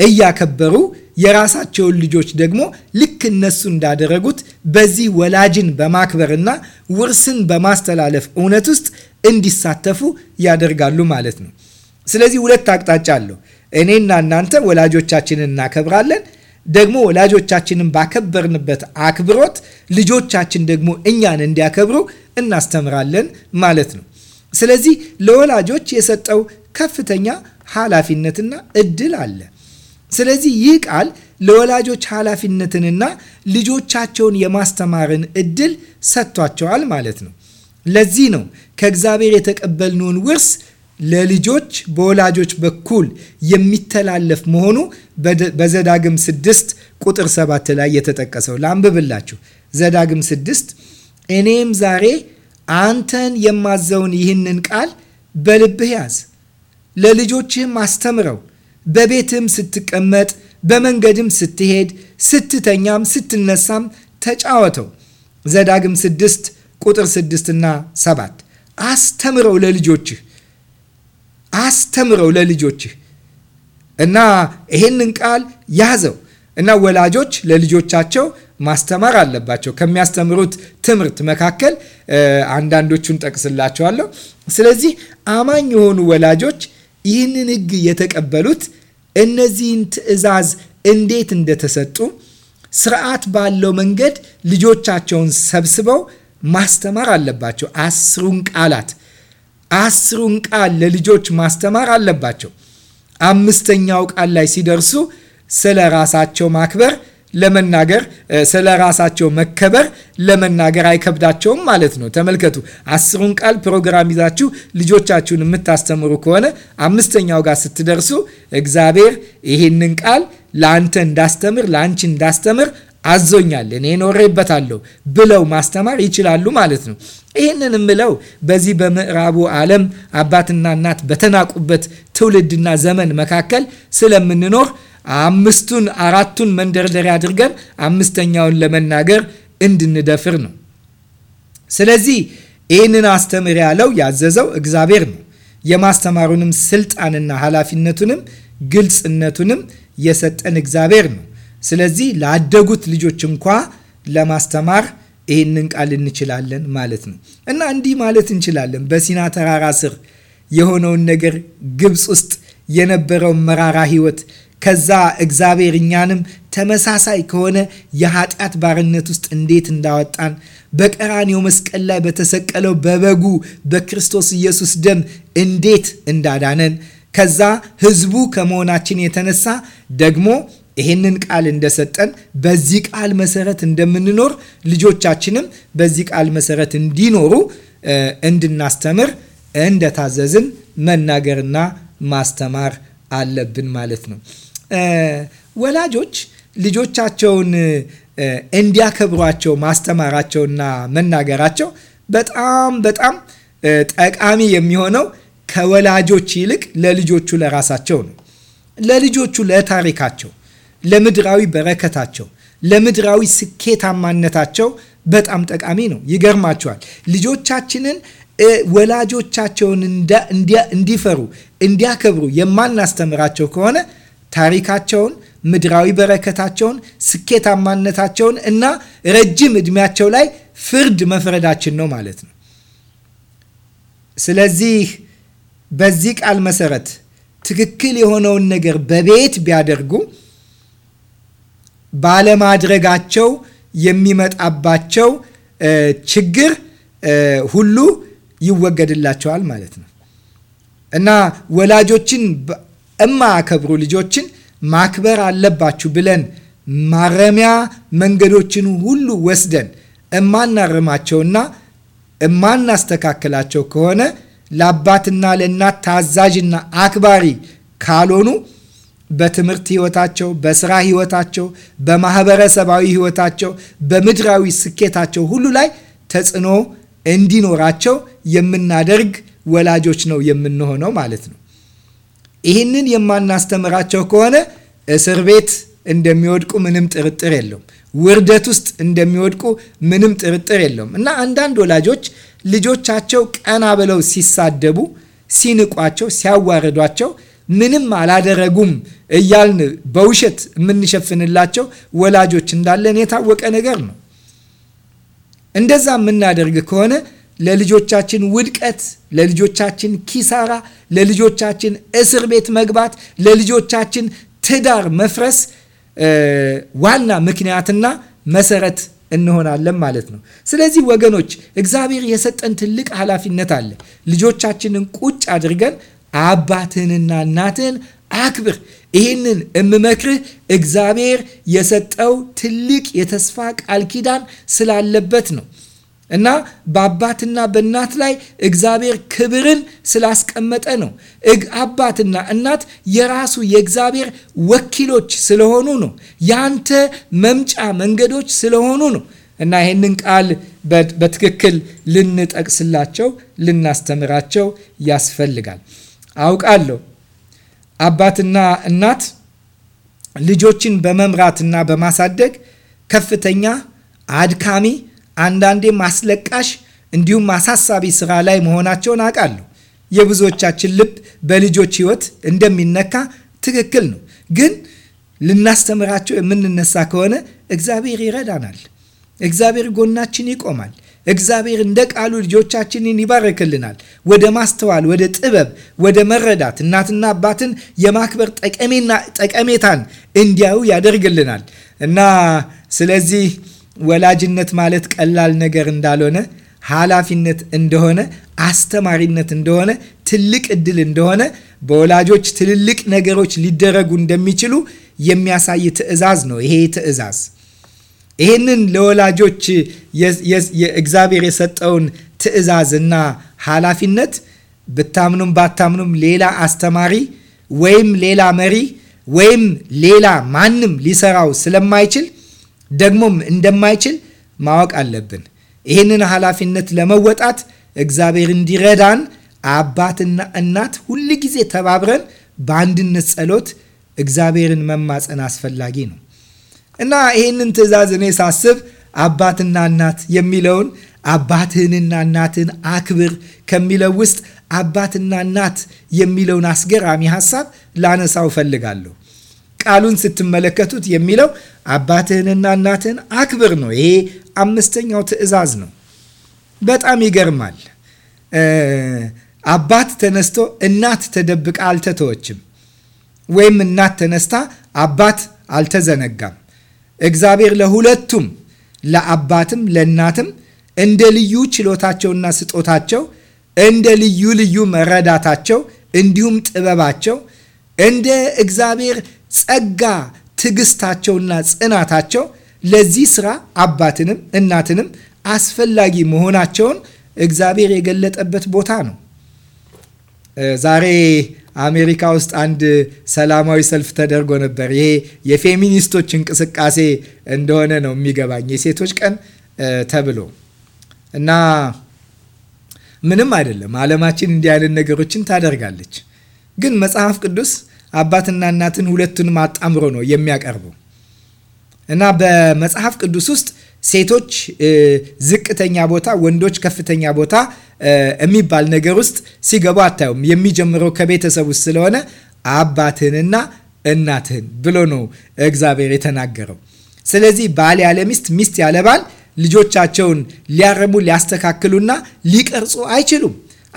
S1: እያከበሩ የራሳቸውን ልጆች ደግሞ ልክ እነሱ እንዳደረጉት በዚህ ወላጅን በማክበርና ውርስን በማስተላለፍ እውነት ውስጥ እንዲሳተፉ ያደርጋሉ ማለት ነው። ስለዚህ ሁለት አቅጣጫ አለው። እኔና እናንተ ወላጆቻችንን እናከብራለን፣ ደግሞ ወላጆቻችንን ባከበርንበት አክብሮት ልጆቻችን ደግሞ እኛን እንዲያከብሩ እናስተምራለን ማለት ነው። ስለዚህ ለወላጆች የሰጠው ከፍተኛ ኃላፊነትና እድል አለ። ስለዚህ ይህ ቃል ለወላጆች ኃላፊነትንና ልጆቻቸውን የማስተማርን እድል ሰጥቷቸዋል ማለት ነው። ለዚህ ነው ከእግዚአብሔር የተቀበልነውን ውርስ ለልጆች በወላጆች በኩል የሚተላለፍ መሆኑ በዘዳግም ስድስት ቁጥር ሰባት ላይ የተጠቀሰው ላንብብላችሁ። ዘዳግም ስድስት እኔም ዛሬ አንተን የማዘውን ይህንን ቃል በልብህ ያዝ፣ ለልጆችህም አስተምረው፣ በቤትህም ስትቀመጥ፣ በመንገድም ስትሄድ፣ ስትተኛም ስትነሳም ተጫወተው። ዘዳግም ስድስት ቁጥር ስድስትና ሰባት አስተምረው ለልጆችህ አስተምረው ለልጆችህ እና ይሄንን ቃል ያዘው እና ወላጆች ለልጆቻቸው ማስተማር አለባቸው። ከሚያስተምሩት ትምህርት መካከል አንዳንዶቹን ጠቅስላቸዋለሁ። ስለዚህ አማኝ የሆኑ ወላጆች ይህንን ሕግ የተቀበሉት እነዚህን ትዕዛዝ እንዴት እንደተሰጡ ስርዓት ባለው መንገድ ልጆቻቸውን ሰብስበው ማስተማር አለባቸው። አስሩን ቃላት አስሩን ቃል ለልጆች ማስተማር አለባቸው። አምስተኛው ቃል ላይ ሲደርሱ ስለ ራሳቸው ማክበር ለመናገር ስለ ራሳቸው መከበር ለመናገር አይከብዳቸውም ማለት ነው። ተመልከቱ፣ አስሩን ቃል ፕሮግራም ይዛችሁ ልጆቻችሁን የምታስተምሩ ከሆነ አምስተኛው ጋር ስትደርሱ እግዚአብሔር ይህንን ቃል ለአንተ እንዳስተምር ለአንቺ እንዳስተምር አዞኛል፣ እኔ ኖሬበታለሁ ብለው ማስተማር ይችላሉ ማለት ነው። ይህንን ምለው በዚህ በምዕራቡ ዓለም አባትና እናት በተናቁበት ትውልድና ዘመን መካከል ስለምንኖር አምስቱን አራቱን መንደርደሪያ አድርገን አምስተኛውን ለመናገር እንድንደፍር ነው። ስለዚህ ይህንን አስተምር ያለው ያዘዘው እግዚአብሔር ነው። የማስተማሩንም ስልጣንና ኃላፊነቱንም ግልጽነቱንም የሰጠን እግዚአብሔር ነው። ስለዚህ ላደጉት ልጆች እንኳ ለማስተማር ይህንን ቃል እንችላለን ማለት ነው እና እንዲህ ማለት እንችላለን በሲና ተራራ ስር የሆነውን ነገር ግብፅ ውስጥ የነበረውን መራራ ህይወት ከዛ እግዚአብሔር እኛንም ተመሳሳይ ከሆነ የኃጢአት ባርነት ውስጥ እንዴት እንዳወጣን በቀራኔው መስቀል ላይ በተሰቀለው በበጉ በክርስቶስ ኢየሱስ ደም እንዴት እንዳዳነን ከዛ ህዝቡ ከመሆናችን የተነሳ ደግሞ ይሄንን ቃል እንደሰጠን በዚህ ቃል መሰረት እንደምንኖር ልጆቻችንም በዚህ ቃል መሰረት እንዲኖሩ እንድናስተምር እንደታዘዝን መናገርና ማስተማር አለብን ማለት ነው። ወላጆች ልጆቻቸውን እንዲያከብሯቸው ማስተማራቸውና መናገራቸው በጣም በጣም ጠቃሚ የሚሆነው ከወላጆች ይልቅ ለልጆቹ ለራሳቸው ነው። ለልጆቹ ለታሪካቸው ለምድራዊ በረከታቸው፣ ለምድራዊ ስኬታማነታቸው በጣም ጠቃሚ ነው። ይገርማቸዋል። ልጆቻችንን ወላጆቻቸውን እንዲፈሩ እንዲያከብሩ የማናስተምራቸው ከሆነ ታሪካቸውን፣ ምድራዊ በረከታቸውን፣ ስኬታማነታቸውን እና ረጅም ዕድሜያቸው ላይ ፍርድ መፍረዳችን ነው ማለት ነው። ስለዚህ በዚህ ቃል መሰረት ትክክል የሆነውን ነገር በቤት ቢያደርጉ ባለማድረጋቸው የሚመጣባቸው ችግር ሁሉ ይወገድላቸዋል ማለት ነው እና ወላጆችን እማያከብሩ ልጆችን ማክበር አለባችሁ ብለን ማረሚያ መንገዶችን ሁሉ ወስደን እማናርማቸውና እማናስተካከላቸው ከሆነ ለአባትና ለእናት ታዛዥና አክባሪ ካልሆኑ በትምህርት ህይወታቸው፣ በስራ ህይወታቸው፣ በማህበረሰባዊ ህይወታቸው፣ በምድራዊ ስኬታቸው ሁሉ ላይ ተጽዕኖ እንዲኖራቸው የምናደርግ ወላጆች ነው የምንሆነው ማለት ነው። ይህንን የማናስተምራቸው ከሆነ እስር ቤት እንደሚወድቁ ምንም ጥርጥር የለውም። ውርደት ውስጥ እንደሚወድቁ ምንም ጥርጥር የለውም። እና አንዳንድ ወላጆች ልጆቻቸው ቀና ብለው ሲሳደቡ፣ ሲንቋቸው፣ ሲያዋርዷቸው ምንም አላደረጉም እያልን በውሸት የምንሸፍንላቸው ወላጆች እንዳለን የታወቀ ነገር ነው። እንደዛ የምናደርግ ከሆነ ለልጆቻችን ውድቀት፣ ለልጆቻችን ኪሳራ፣ ለልጆቻችን እስር ቤት መግባት፣ ለልጆቻችን ትዳር መፍረስ ዋና ምክንያትና መሰረት እንሆናለን ማለት ነው። ስለዚህ ወገኖች እግዚአብሔር የሰጠን ትልቅ ኃላፊነት አለ። ልጆቻችንን ቁጭ አድርገን አባትህንና እናትህን አክብር። ይህንን እምመክርህ እግዚአብሔር የሰጠው ትልቅ የተስፋ ቃል ኪዳን ስላለበት ነው እና በአባትና በእናት ላይ እግዚአብሔር ክብርን ስላስቀመጠ ነው። አባትና እናት የራሱ የእግዚአብሔር ወኪሎች ስለሆኑ ነው። ያንተ መምጫ መንገዶች ስለሆኑ ነው እና ይህንን ቃል በትክክል ልንጠቅስላቸው፣ ልናስተምራቸው ያስፈልጋል። አውቃለሁ። አባትና እናት ልጆችን በመምራትና በማሳደግ ከፍተኛ አድካሚ፣ አንዳንዴ ማስለቃሽ እንዲሁም አሳሳቢ ስራ ላይ መሆናቸውን አውቃለሁ። የብዙዎቻችን ልብ በልጆች ህይወት እንደሚነካ ትክክል ነው። ግን ልናስተምራቸው የምንነሳ ከሆነ እግዚአብሔር ይረዳናል። እግዚአብሔር ጎናችን ይቆማል። እግዚአብሔር እንደ ቃሉ ልጆቻችንን ይባርክልናል። ወደ ማስተዋል፣ ወደ ጥበብ፣ ወደ መረዳት እናትና አባትን የማክበር ጠቀሜታን እንዲያዩ ያደርግልናል እና ስለዚህ ወላጅነት ማለት ቀላል ነገር እንዳልሆነ ኃላፊነት እንደሆነ አስተማሪነት እንደሆነ ትልቅ እድል እንደሆነ በወላጆች ትልልቅ ነገሮች ሊደረጉ እንደሚችሉ የሚያሳይ ትዕዛዝ ነው ይሄ ትዕዛዝ። ይህንን ለወላጆች እግዚአብሔር የሰጠውን ትእዛዝና ኃላፊነት ብታምኑም ባታምኑም ሌላ አስተማሪ ወይም ሌላ መሪ ወይም ሌላ ማንም ሊሰራው ስለማይችል ደግሞም እንደማይችል ማወቅ አለብን። ይህንን ኃላፊነት ለመወጣት እግዚአብሔር እንዲረዳን አባትና እናት ሁል ጊዜ ተባብረን በአንድነት ጸሎት እግዚአብሔርን መማፀን አስፈላጊ ነው። እና ይህንን ትእዛዝ እኔ ሳስብ አባትና እናት የሚለውን አባትህንና እናትህን አክብር ከሚለው ውስጥ አባትና እናት የሚለውን አስገራሚ ሀሳብ ላነሳው ፈልጋለሁ። ቃሉን ስትመለከቱት የሚለው አባትህንና እናትህን አክብር ነው። ይሄ አምስተኛው ትእዛዝ ነው። በጣም ይገርማል። አባት ተነስቶ እናት ተደብቃ አልተተወችም፣ ወይም እናት ተነስታ አባት አልተዘነጋም። እግዚአብሔር ለሁለቱም ለአባትም ለእናትም እንደ ልዩ ችሎታቸውና ስጦታቸው እንደ ልዩ ልዩ መረዳታቸው እንዲሁም ጥበባቸው እንደ እግዚአብሔር ጸጋ ትዕግስታቸውና ጽናታቸው ለዚህ ስራ አባትንም እናትንም አስፈላጊ መሆናቸውን እግዚአብሔር የገለጠበት ቦታ ነው። ዛሬ አሜሪካ ውስጥ አንድ ሰላማዊ ሰልፍ ተደርጎ ነበር። ይሄ የፌሚኒስቶች እንቅስቃሴ እንደሆነ ነው የሚገባኝ የሴቶች ቀን ተብሎ እና ምንም አይደለም። ዓለማችን እንዲህ አይነት ነገሮችን ታደርጋለች። ግን መጽሐፍ ቅዱስ አባትና እናትን ሁለቱንም አጣምሮ ነው የሚያቀርበው እና በመጽሐፍ ቅዱስ ውስጥ ሴቶች ዝቅተኛ ቦታ፣ ወንዶች ከፍተኛ ቦታ የሚባል ነገር ውስጥ ሲገቡ አታዩም። የሚጀምረው ከቤተሰብ ውስጥ ስለሆነ አባትህንና እናትህን ብሎ ነው እግዚአብሔር የተናገረው። ስለዚህ ባል ያለ ሚስት፣ ሚስት ያለ ባል ልጆቻቸውን ሊያረሙ ሊያስተካክሉና ሊቀርጹ አይችሉም።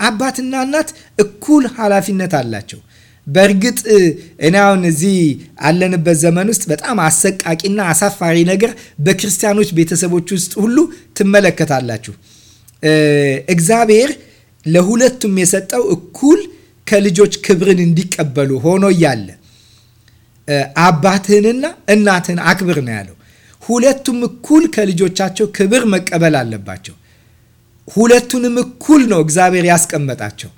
S1: አባትና እናት እኩል ኃላፊነት አላቸው። በእርግጥ እኔ አሁን እዚህ አለንበት ዘመን ውስጥ በጣም አሰቃቂና አሳፋሪ ነገር በክርስቲያኖች ቤተሰቦች ውስጥ ሁሉ ትመለከታላችሁ። እግዚአብሔር ለሁለቱም የሰጠው እኩል ከልጆች ክብርን እንዲቀበሉ ሆኖ እያለ አባትህንና እናትህን አክብር ነው ያለው። ሁለቱም እኩል ከልጆቻቸው ክብር መቀበል አለባቸው። ሁለቱንም እኩል ነው እግዚአብሔር ያስቀመጣቸው።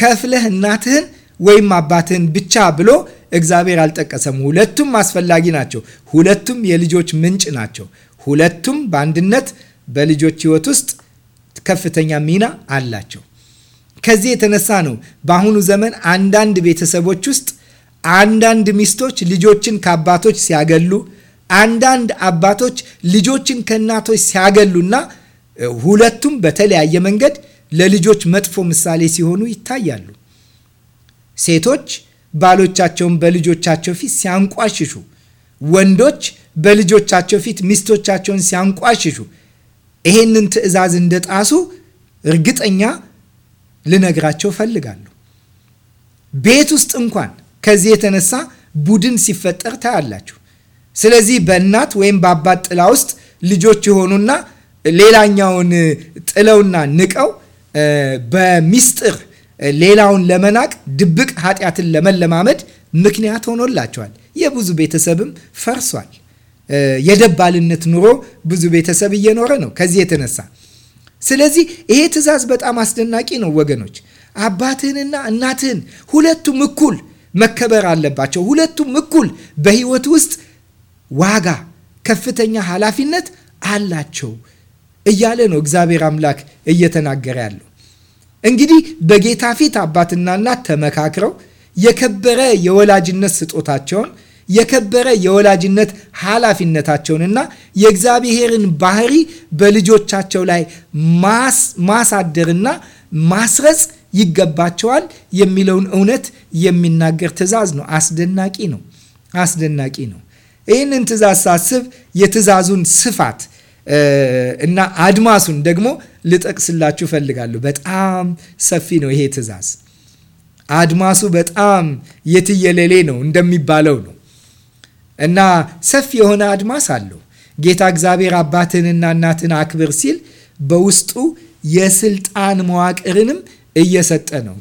S1: ከፍለህ እናትህን ወይም አባትህን ብቻ ብሎ እግዚአብሔር አልጠቀሰም። ሁለቱም አስፈላጊ ናቸው። ሁለቱም የልጆች ምንጭ ናቸው። ሁለቱም በአንድነት በልጆች ህይወት ውስጥ ከፍተኛ ሚና አላቸው። ከዚህ የተነሳ ነው በአሁኑ ዘመን አንዳንድ ቤተሰቦች ውስጥ አንዳንድ ሚስቶች ልጆችን ከአባቶች ሲያገሉ፣ አንዳንድ አባቶች ልጆችን ከእናቶች ሲያገሉና ሁለቱም በተለያየ መንገድ ለልጆች መጥፎ ምሳሌ ሲሆኑ ይታያሉ። ሴቶች ባሎቻቸውን በልጆቻቸው ፊት ሲያንቋሽሹ፣ ወንዶች በልጆቻቸው ፊት ሚስቶቻቸውን ሲያንቋሽሹ ይሄንን ትዕዛዝ እንደጣሱ እርግጠኛ ልነግራቸው ፈልጋለሁ። ቤት ውስጥ እንኳን ከዚህ የተነሳ ቡድን ሲፈጠር ታያላችሁ። ስለዚህ በእናት ወይም በአባት ጥላ ውስጥ ልጆች የሆኑና ሌላኛውን ጥለውና ንቀው በሚስጥር ሌላውን ለመናቅ ድብቅ ኃጢአትን ለመለማመድ ምክንያት ሆኖላቸዋል። የብዙ ቤተሰብም ፈርሷል። የደባልነት ኑሮ ብዙ ቤተሰብ እየኖረ ነው ከዚህ የተነሳ ስለዚህ ይሄ ትእዛዝ በጣም አስደናቂ ነው ወገኖች። አባትህንና እናትህን ሁለቱም እኩል መከበር አለባቸው። ሁለቱም እኩል በህይወት ውስጥ ዋጋ፣ ከፍተኛ ኃላፊነት አላቸው እያለ ነው እግዚአብሔር አምላክ እየተናገረ ያለው። እንግዲህ በጌታ ፊት አባትና እናት ተመካክረው የከበረ የወላጅነት ስጦታቸውን የከበረ የወላጅነት ኃላፊነታቸውንና የእግዚአብሔርን ባህሪ በልጆቻቸው ላይ ማሳደርና ማስረጽ ይገባቸዋል የሚለውን እውነት የሚናገር ትእዛዝ ነው። አስደናቂ ነው። አስደናቂ ነው። ይህንን ትእዛዝ ሳስብ የትእዛዙን ስፋት እና አድማሱን ደግሞ ልጠቅስላችሁ ፈልጋለሁ በጣም ሰፊ ነው ይሄ ትእዛዝ። አድማሱ በጣም የትየለሌ ነው እንደሚባለው ነው እና ሰፊ የሆነ አድማስ አለው። ጌታ እግዚአብሔር አባትንና እናትን አክብር ሲል በውስጡ የስልጣን መዋቅርንም እየሰጠ ነው።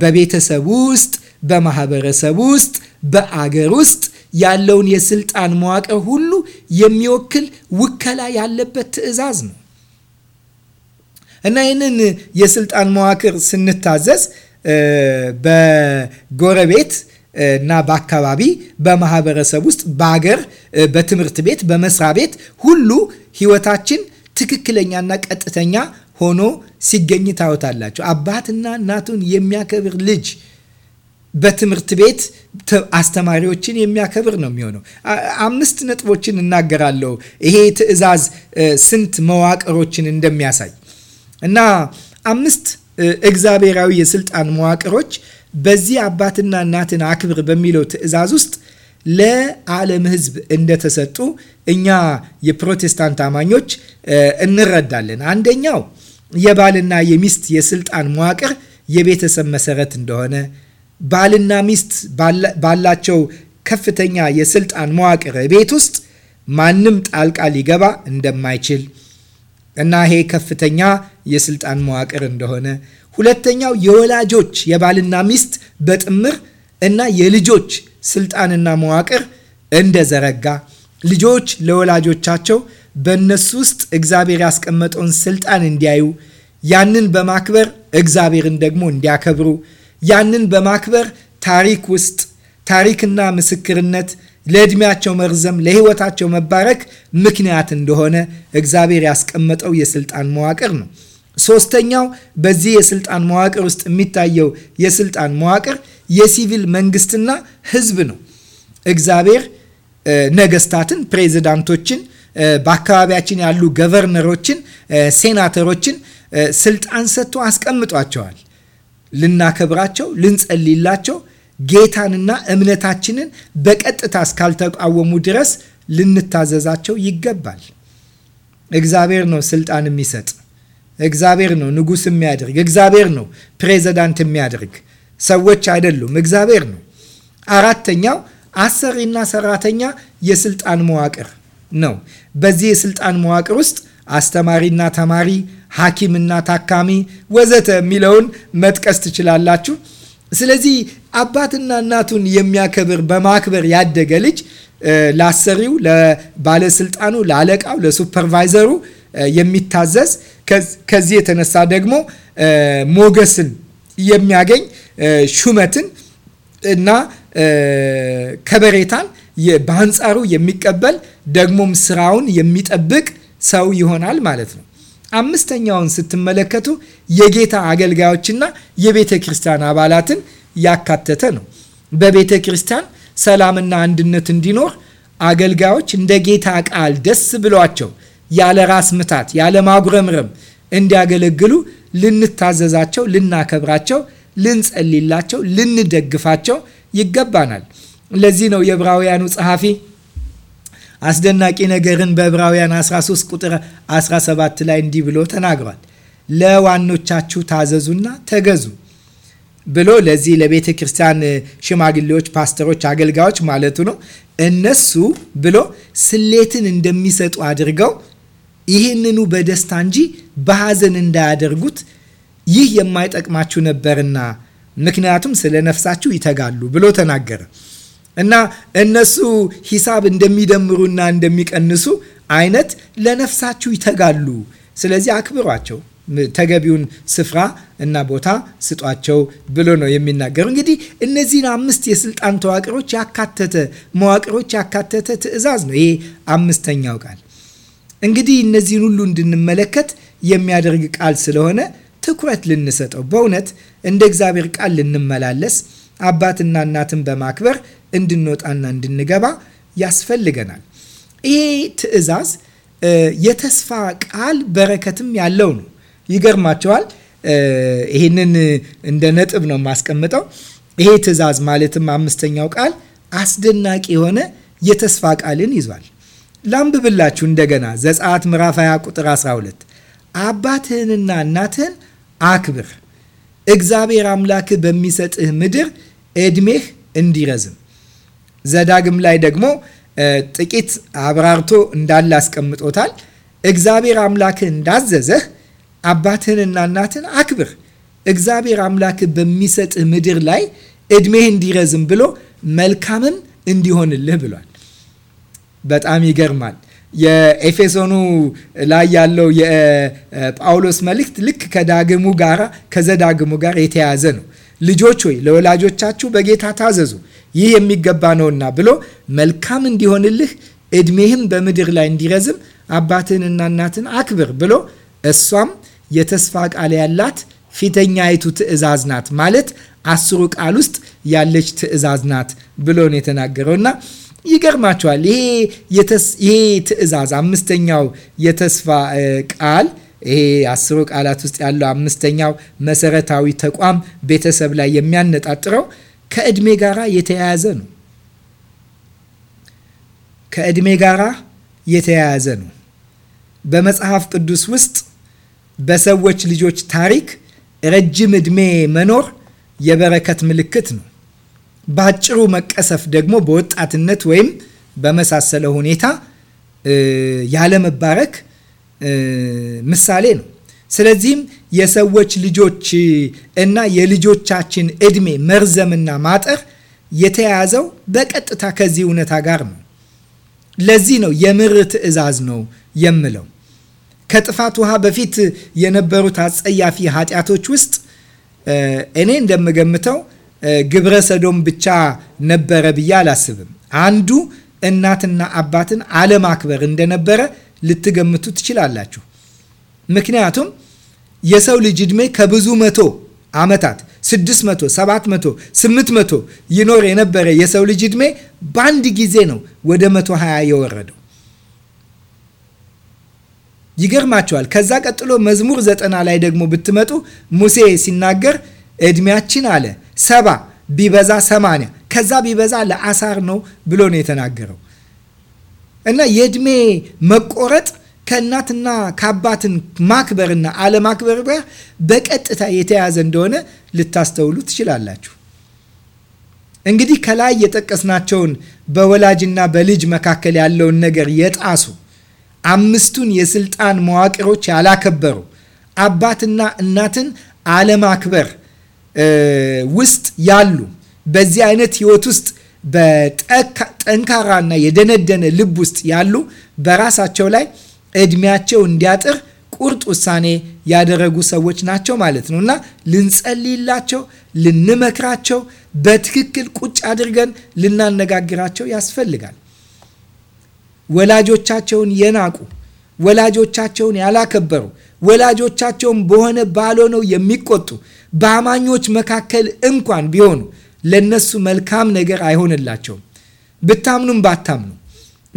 S1: በቤተሰብ ውስጥ፣ በማህበረሰብ ውስጥ፣ በአገር ውስጥ ያለውን የስልጣን መዋቅር ሁሉ የሚወክል ውከላ ያለበት ትእዛዝ ነው። እና ይህንን የስልጣን መዋቅር ስንታዘዝ በጎረቤት እና በአካባቢ በማህበረሰብ ውስጥ በአገር በትምህርት ቤት በመስሪያ ቤት ሁሉ ህይወታችን ትክክለኛና ቀጥተኛ ሆኖ ሲገኝ ታወታላቸው አባትና እናቱን የሚያከብር ልጅ በትምህርት ቤት አስተማሪዎችን የሚያከብር ነው የሚሆነው። አምስት ነጥቦችን እናገራለሁ። ይሄ ትዕዛዝ ስንት መዋቅሮችን እንደሚያሳይ እና አምስት እግዚአብሔራዊ የስልጣን መዋቅሮች በዚህ አባትና እናትን አክብር በሚለው ትእዛዝ ውስጥ ለዓለም ሕዝብ እንደተሰጡ እኛ የፕሮቴስታንት አማኞች እንረዳለን። አንደኛው የባልና የሚስት የስልጣን መዋቅር የቤተሰብ መሰረት እንደሆነ ባልና ሚስት ባላቸው ከፍተኛ የስልጣን መዋቅር ቤት ውስጥ ማንም ጣልቃ ሊገባ እንደማይችል እና ይሄ ከፍተኛ የስልጣን መዋቅር እንደሆነ፣ ሁለተኛው የወላጆች የባልና ሚስት በጥምር እና የልጆች ስልጣንና መዋቅር እንደዘረጋ ልጆች ለወላጆቻቸው በእነሱ ውስጥ እግዚአብሔር ያስቀመጠውን ስልጣን እንዲያዩ ያንን በማክበር እግዚአብሔርን ደግሞ እንዲያከብሩ ያንን በማክበር ታሪክ ውስጥ ታሪክና ምስክርነት ለእድሜያቸው መርዘም፣ ለህይወታቸው መባረክ ምክንያት እንደሆነ እግዚአብሔር ያስቀመጠው የስልጣን መዋቅር ነው። ሶስተኛው በዚህ የስልጣን መዋቅር ውስጥ የሚታየው የስልጣን መዋቅር የሲቪል መንግስትና ህዝብ ነው። እግዚአብሔር ነገስታትን፣ ፕሬዚዳንቶችን፣ በአካባቢያችን ያሉ ገቨርነሮችን፣ ሴናተሮችን ስልጣን ሰጥቶ አስቀምጧቸዋል። ልናከብራቸው፣ ልንጸልይላቸው ጌታንና እምነታችንን በቀጥታ እስካልተቃወሙ ድረስ ልንታዘዛቸው ይገባል። እግዚአብሔር ነው ስልጣን የሚሰጥ። እግዚአብሔር ነው ንጉስ የሚያደርግ። እግዚአብሔር ነው ፕሬዚዳንት የሚያደርግ። ሰዎች አይደሉም፣ እግዚአብሔር ነው። አራተኛው አሰሪና ሰራተኛ የስልጣን መዋቅር ነው። በዚህ የስልጣን መዋቅር ውስጥ አስተማሪና ተማሪ፣ ሐኪምና ታካሚ፣ ወዘተ የሚለውን መጥቀስ ትችላላችሁ። ስለዚህ አባትና እናቱን የሚያከብር በማክበር ያደገ ልጅ ለአሰሪው፣ ለባለስልጣኑ፣ ለአለቃው፣ ለሱፐርቫይዘሩ የሚታዘዝ ከዚህ የተነሳ ደግሞ ሞገስን የሚያገኝ ሹመትን እና ከበሬታን በአንጻሩ የሚቀበል ደግሞም ስራውን የሚጠብቅ ሰው ይሆናል ማለት ነው። አምስተኛውን ስትመለከቱ የጌታ አገልጋዮችና የቤተ ክርስቲያን አባላትን ያካተተ ነው። በቤተ ክርስቲያን ሰላምና አንድነት እንዲኖር አገልጋዮች እንደ ጌታ ቃል ደስ ብሏቸው ያለ ራስ ምታት ያለ ማጉረምረም እንዲያገለግሉ ልንታዘዛቸው፣ ልናከብራቸው፣ ልንጸልላቸው፣ ልንደግፋቸው ይገባናል። ለዚህ ነው የዕብራውያኑ ጸሐፊ አስደናቂ ነገርን በዕብራውያን 13 ቁጥር 17 ላይ እንዲህ ብሎ ተናግሯል። ለዋኖቻችሁ ታዘዙና ተገዙ ብሎ ለዚህ ለቤተ ክርስቲያን ሽማግሌዎች፣ ፓስተሮች፣ አገልጋዮች ማለቱ ነው። እነሱ ብሎ ስሌትን እንደሚሰጡ አድርገው ይህንኑ በደስታ እንጂ በሐዘን እንዳያደርጉት ይህ የማይጠቅማችሁ ነበርና ምክንያቱም ስለ ነፍሳችሁ ይተጋሉ ብሎ ተናገረ። እና እነሱ ሂሳብ እንደሚደምሩና እንደሚቀንሱ አይነት ለነፍሳችሁ ይተጋሉ። ስለዚህ አክብሯቸው፣ ተገቢውን ስፍራ እና ቦታ ስጧቸው ብሎ ነው የሚናገሩ እንግዲህ እነዚህን አምስት የስልጣን ተዋቅሮች ያካተተ መዋቅሮች ያካተተ ትእዛዝ ነው ይሄ አምስተኛው ቃል። እንግዲህ እነዚህን ሁሉ እንድንመለከት የሚያደርግ ቃል ስለሆነ ትኩረት ልንሰጠው በእውነት እንደ እግዚአብሔር ቃል ልንመላለስ አባትና እናትን በማክበር እንድንወጣና እንድንገባ ያስፈልገናል። ይሄ ትዕዛዝ የተስፋ ቃል በረከትም ያለው ነው። ይገርማቸዋል። ይህንን እንደ ነጥብ ነው የማስቀምጠው። ይሄ ትዕዛዝ ማለትም አምስተኛው ቃል አስደናቂ የሆነ የተስፋ ቃልን ይዟል። ላንብብላችሁ እንደገና ዘጸአት ምዕራፍ 20 ቁጥር 12 አባትህንና እናትህን አክብር፣ እግዚአብሔር አምላክህ በሚሰጥህ ምድር ዕድሜህ እንዲረዝም ዘዳግም ላይ ደግሞ ጥቂት አብራርቶ እንዳለ አስቀምጦታል። እግዚአብሔር አምላክህ እንዳዘዘህ አባትህንና እናትን አክብር፣ እግዚአብሔር አምላክህ በሚሰጥህ ምድር ላይ እድሜህ እንዲረዝም ብሎ መልካምም እንዲሆንልህ ብሏል። በጣም ይገርማል። የኤፌሶኑ ላይ ያለው የጳውሎስ መልእክት ልክ ከዳግሙ ጋራ ከዘዳግሙ ጋር የተያያዘ ነው። ልጆች ሆይ ለወላጆቻችሁ በጌታ ታዘዙ ይህ የሚገባ ነውና ብሎ መልካም እንዲሆንልህ እድሜህም በምድር ላይ እንዲረዝም አባትህንና እናትን አክብር ብሎ እሷም የተስፋ ቃል ያላት ፊተኛይቱ ትእዛዝ ናት ማለት አስሩ ቃል ውስጥ ያለች ትእዛዝ ናት ብሎ ነው የተናገረውና ይገርማቸዋል። ይሄ ትእዛዝ አምስተኛው የተስፋ ቃል ይሄ አስሩ ቃላት ውስጥ ያለው አምስተኛው መሰረታዊ ተቋም ቤተሰብ ላይ የሚያነጣጥረው ከእድሜ ጋር የተያያዘ ነው። ከእድሜ ጋራ የተያያዘ ነው። በመጽሐፍ ቅዱስ ውስጥ በሰዎች ልጆች ታሪክ ረጅም እድሜ መኖር የበረከት ምልክት ነው። በአጭሩ መቀሰፍ ደግሞ በወጣትነት ወይም በመሳሰለ ሁኔታ ያለመባረክ ምሳሌ ነው። ስለዚህም የሰዎች ልጆች እና የልጆቻችን እድሜ መርዘምና ማጠር የተያያዘው በቀጥታ ከዚህ እውነታ ጋር ነው። ለዚህ ነው የምር ትእዛዝ ነው የምለው። ከጥፋት ውሃ በፊት የነበሩት አጸያፊ ኃጢአቶች ውስጥ እኔ እንደምገምተው ግብረ ሰዶም ብቻ ነበረ ብዬ አላስብም። አንዱ እናትና አባትን አለማክበር እንደነበረ ልትገምቱ ትችላላችሁ። ምክንያቱም የሰው ልጅ ዕድሜ ከብዙ መቶ ዓመታት 600፣ 700፣ 800 ይኖር የነበረ የሰው ልጅ ዕድሜ በአንድ ጊዜ ነው ወደ 120 የወረደው። ይገርማቸዋል። ከዛ ቀጥሎ መዝሙር ዘጠና ላይ ደግሞ ብትመጡ ሙሴ ሲናገር ዕድሜያችን አለ ሰባ ቢበዛ ሰማንያ ከዛ ቢበዛ ለአሳር ነው ብሎ ነው የተናገረው እና የዕድሜ መቆረጥ ከእናትና ከአባትን ማክበርና አለማክበር ጋር በቀጥታ የተያያዘ እንደሆነ ልታስተውሉ ትችላላችሁ። እንግዲህ ከላይ የጠቀስናቸውን በወላጅና በልጅ መካከል ያለውን ነገር የጣሱ አምስቱን የስልጣን መዋቅሮች ያላከበሩ አባትና እናትን አለማክበር ውስጥ ያሉ በዚህ አይነት ህይወት ውስጥ በጠንካራና የደነደነ ልብ ውስጥ ያሉ በራሳቸው ላይ እድሜያቸው እንዲያጥር ቁርጥ ውሳኔ ያደረጉ ሰዎች ናቸው ማለት ነው እና ልንጸልይላቸው፣ ልንመክራቸው፣ በትክክል ቁጭ አድርገን ልናነጋግራቸው ያስፈልጋል። ወላጆቻቸውን የናቁ ወላጆቻቸውን ያላከበሩ ወላጆቻቸውን በሆነ ባልሆነው የሚቆጡ በአማኞች መካከል እንኳን ቢሆኑ ለነሱ መልካም ነገር አይሆንላቸውም፣ ብታምኑም ባታምኑ።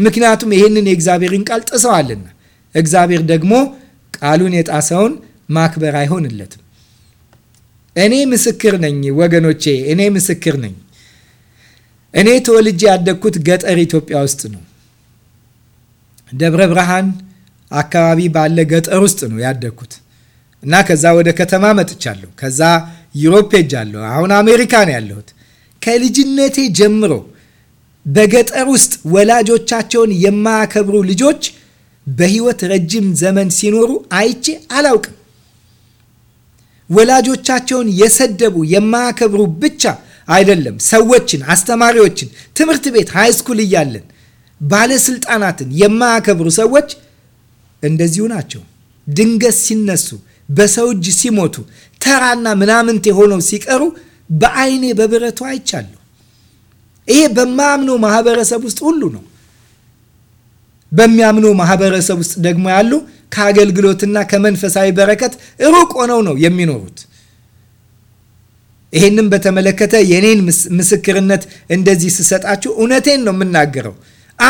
S1: ምክንያቱም ይህንን የእግዚአብሔርን ቃል ጥሰዋልና እግዚአብሔር ደግሞ ቃሉን የጣሰውን ማክበር አይሆንለትም። እኔ ምስክር ነኝ ወገኖቼ፣ እኔ ምስክር ነኝ። እኔ ተወልጄ ያደግኩት ገጠር ኢትዮጵያ ውስጥ ነው። ደብረ ብርሃን አካባቢ ባለ ገጠር ውስጥ ነው ያደግኩት እና ከዛ ወደ ከተማ መጥቻለሁ። ከዛ ዩሮፕ ሄጃለሁ። አሁን አሜሪካ ነው ያለሁት። ከልጅነቴ ጀምሮ በገጠር ውስጥ ወላጆቻቸውን የማያከብሩ ልጆች በህይወት ረጅም ዘመን ሲኖሩ አይቼ አላውቅም። ወላጆቻቸውን የሰደቡ የማያከብሩ ብቻ አይደለም፣ ሰዎችን፣ አስተማሪዎችን፣ ትምህርት ቤት ሃይስኩል እያለን ባለስልጣናትን የማያከብሩ ሰዎች እንደዚሁ ናቸው። ድንገት ሲነሱ፣ በሰው እጅ ሲሞቱ፣ ተራና ምናምንቴ ሆነው ሲቀሩ በአይኔ በብረቱ አይቻለሁ። ይሄ በማያምነው ማህበረሰብ ውስጥ ሁሉ ነው። በሚያምኑ ማህበረሰብ ውስጥ ደግሞ ያሉ ከአገልግሎትና ከመንፈሳዊ በረከት ሩቅ ሆነው ነው የሚኖሩት። ይህንም በተመለከተ የኔን ምስክርነት እንደዚህ ስሰጣችሁ እውነቴን ነው የምናገረው።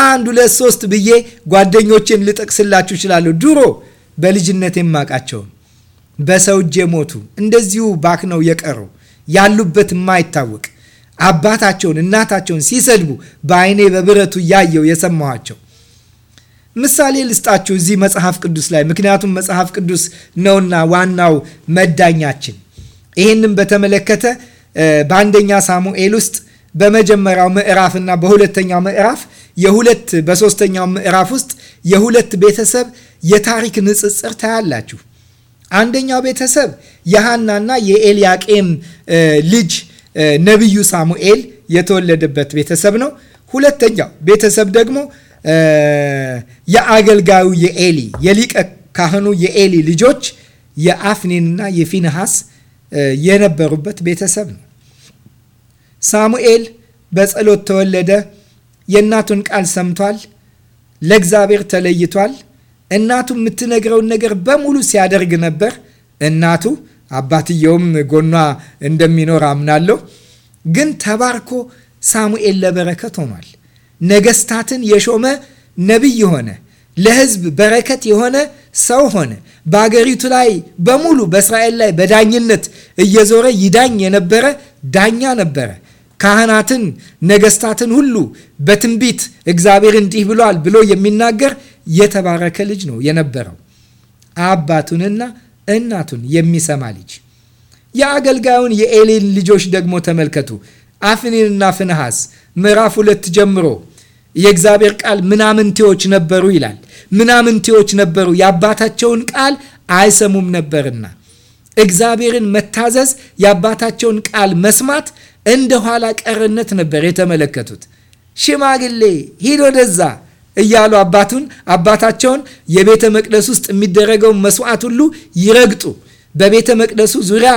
S1: አንድ ሁለት ሶስት ብዬ ጓደኞቼን ልጠቅስላችሁ እችላለሁ። ድሮ በልጅነት የማውቃቸውን በሰው እጅ የሞቱ እንደዚሁ ባክነው የቀሩ ያሉበት የማይታወቅ አባታቸውን እናታቸውን ሲሰድቡ በአይኔ በብረቱ እያየው የሰማኋቸው ምሳሌ ልስጣችሁ እዚህ መጽሐፍ ቅዱስ ላይ ምክንያቱም መጽሐፍ ቅዱስ ነውና ዋናው መዳኛችን። ይህንም በተመለከተ በአንደኛ ሳሙኤል ውስጥ በመጀመሪያው ምዕራፍና በሁለተኛው ምዕራፍ የሁለት በሶስተኛው ምዕራፍ ውስጥ የሁለት ቤተሰብ የታሪክ ንጽጽር ታያላችሁ። አንደኛው ቤተሰብ የሐናና የኤልያቄም ልጅ ነቢዩ ሳሙኤል የተወለደበት ቤተሰብ ነው። ሁለተኛው ቤተሰብ ደግሞ የአገልጋዩ የኤሊ የሊቀ ካህኑ የኤሊ ልጆች የአፍኒንና የፊንሃስ የነበሩበት ቤተሰብ ነው። ሳሙኤል በጸሎት ተወለደ። የእናቱን ቃል ሰምቷል። ለእግዚአብሔር ተለይቷል። እናቱ የምትነግረውን ነገር በሙሉ ሲያደርግ ነበር። እናቱ አባትየውም ጎኗ እንደሚኖር አምናለሁ። ግን ተባርኮ ሳሙኤል ለበረከት ሆኗል። ነገስታትን የሾመ ነቢይ ሆነ። ለህዝብ በረከት የሆነ ሰው ሆነ። በአገሪቱ ላይ በሙሉ በእስራኤል ላይ በዳኝነት እየዞረ ይዳኝ የነበረ ዳኛ ነበረ። ካህናትን፣ ነገስታትን ሁሉ በትንቢት እግዚአብሔር እንዲህ ብሏል ብሎ የሚናገር የተባረከ ልጅ ነው የነበረው። አባቱንና እናቱን የሚሰማ ልጅ። የአገልጋዩን የኤሊን ልጆች ደግሞ ተመልከቱ። አፍኒንና ፍንሐስ ምዕራፍ ሁለት ጀምሮ የእግዚአብሔር ቃል ምናምንቴዎች ነበሩ ይላል። ምናምንቴዎች ነበሩ የአባታቸውን ቃል አይሰሙም ነበርና እግዚአብሔርን መታዘዝ የአባታቸውን ቃል መስማት እንደ ኋላ ቀርነት ነበር የተመለከቱት። ሽማግሌ ሂድ ወደዛ እያሉ አባቱን አባታቸውን የቤተ መቅደስ ውስጥ የሚደረገውን መስዋዕት ሁሉ ይረግጡ፣ በቤተ መቅደሱ ዙሪያ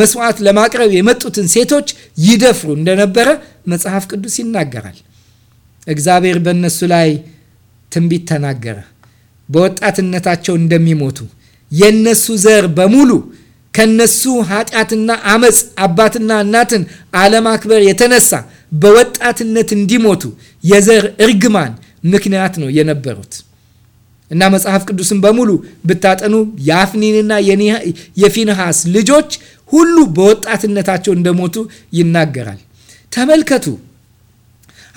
S1: መስዋዕት ለማቅረብ የመጡትን ሴቶች ይደፍሩ እንደነበረ መጽሐፍ ቅዱስ ይናገራል። እግዚአብሔር በእነሱ ላይ ትንቢት ተናገረ። በወጣትነታቸው እንደሚሞቱ የነሱ ዘር በሙሉ ከነሱ ኃጢአትና አመፅ አባትና እናትን አለማክበር የተነሳ በወጣትነት እንዲሞቱ የዘር እርግማን ምክንያት ነው የነበሩት እና መጽሐፍ ቅዱስን በሙሉ ብታጠኑ የአፍኒንና የፊንሃስ ልጆች ሁሉ በወጣትነታቸው እንደሞቱ ይናገራል። ተመልከቱ።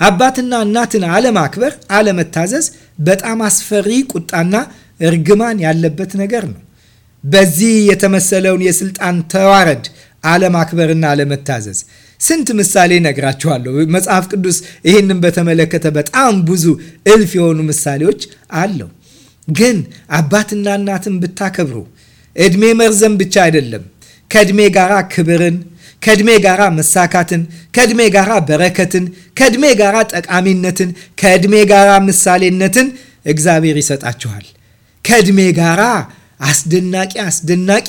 S1: አባትና እናትን አለማክበር፣ አለመታዘዝ በጣም አስፈሪ ቁጣና እርግማን ያለበት ነገር ነው። በዚህ የተመሰለውን የስልጣን ተዋረድ አለማክበርና አለመታዘዝ ስንት ምሳሌ ነግራችኋለሁ። መጽሐፍ ቅዱስ ይህንን በተመለከተ በጣም ብዙ እልፍ የሆኑ ምሳሌዎች አለው። ግን አባትና እናትን ብታከብሩ እድሜ መርዘም ብቻ አይደለም፣ ከእድሜ ጋር ክብርን ከእድሜ ጋራ መሳካትን፣ ከእድሜ ጋራ በረከትን፣ ከእድሜ ጋራ ጠቃሚነትን፣ ከእድሜ ጋራ ምሳሌነትን እግዚአብሔር ይሰጣችኋል። ከእድሜ ጋራ አስደናቂ አስደናቂ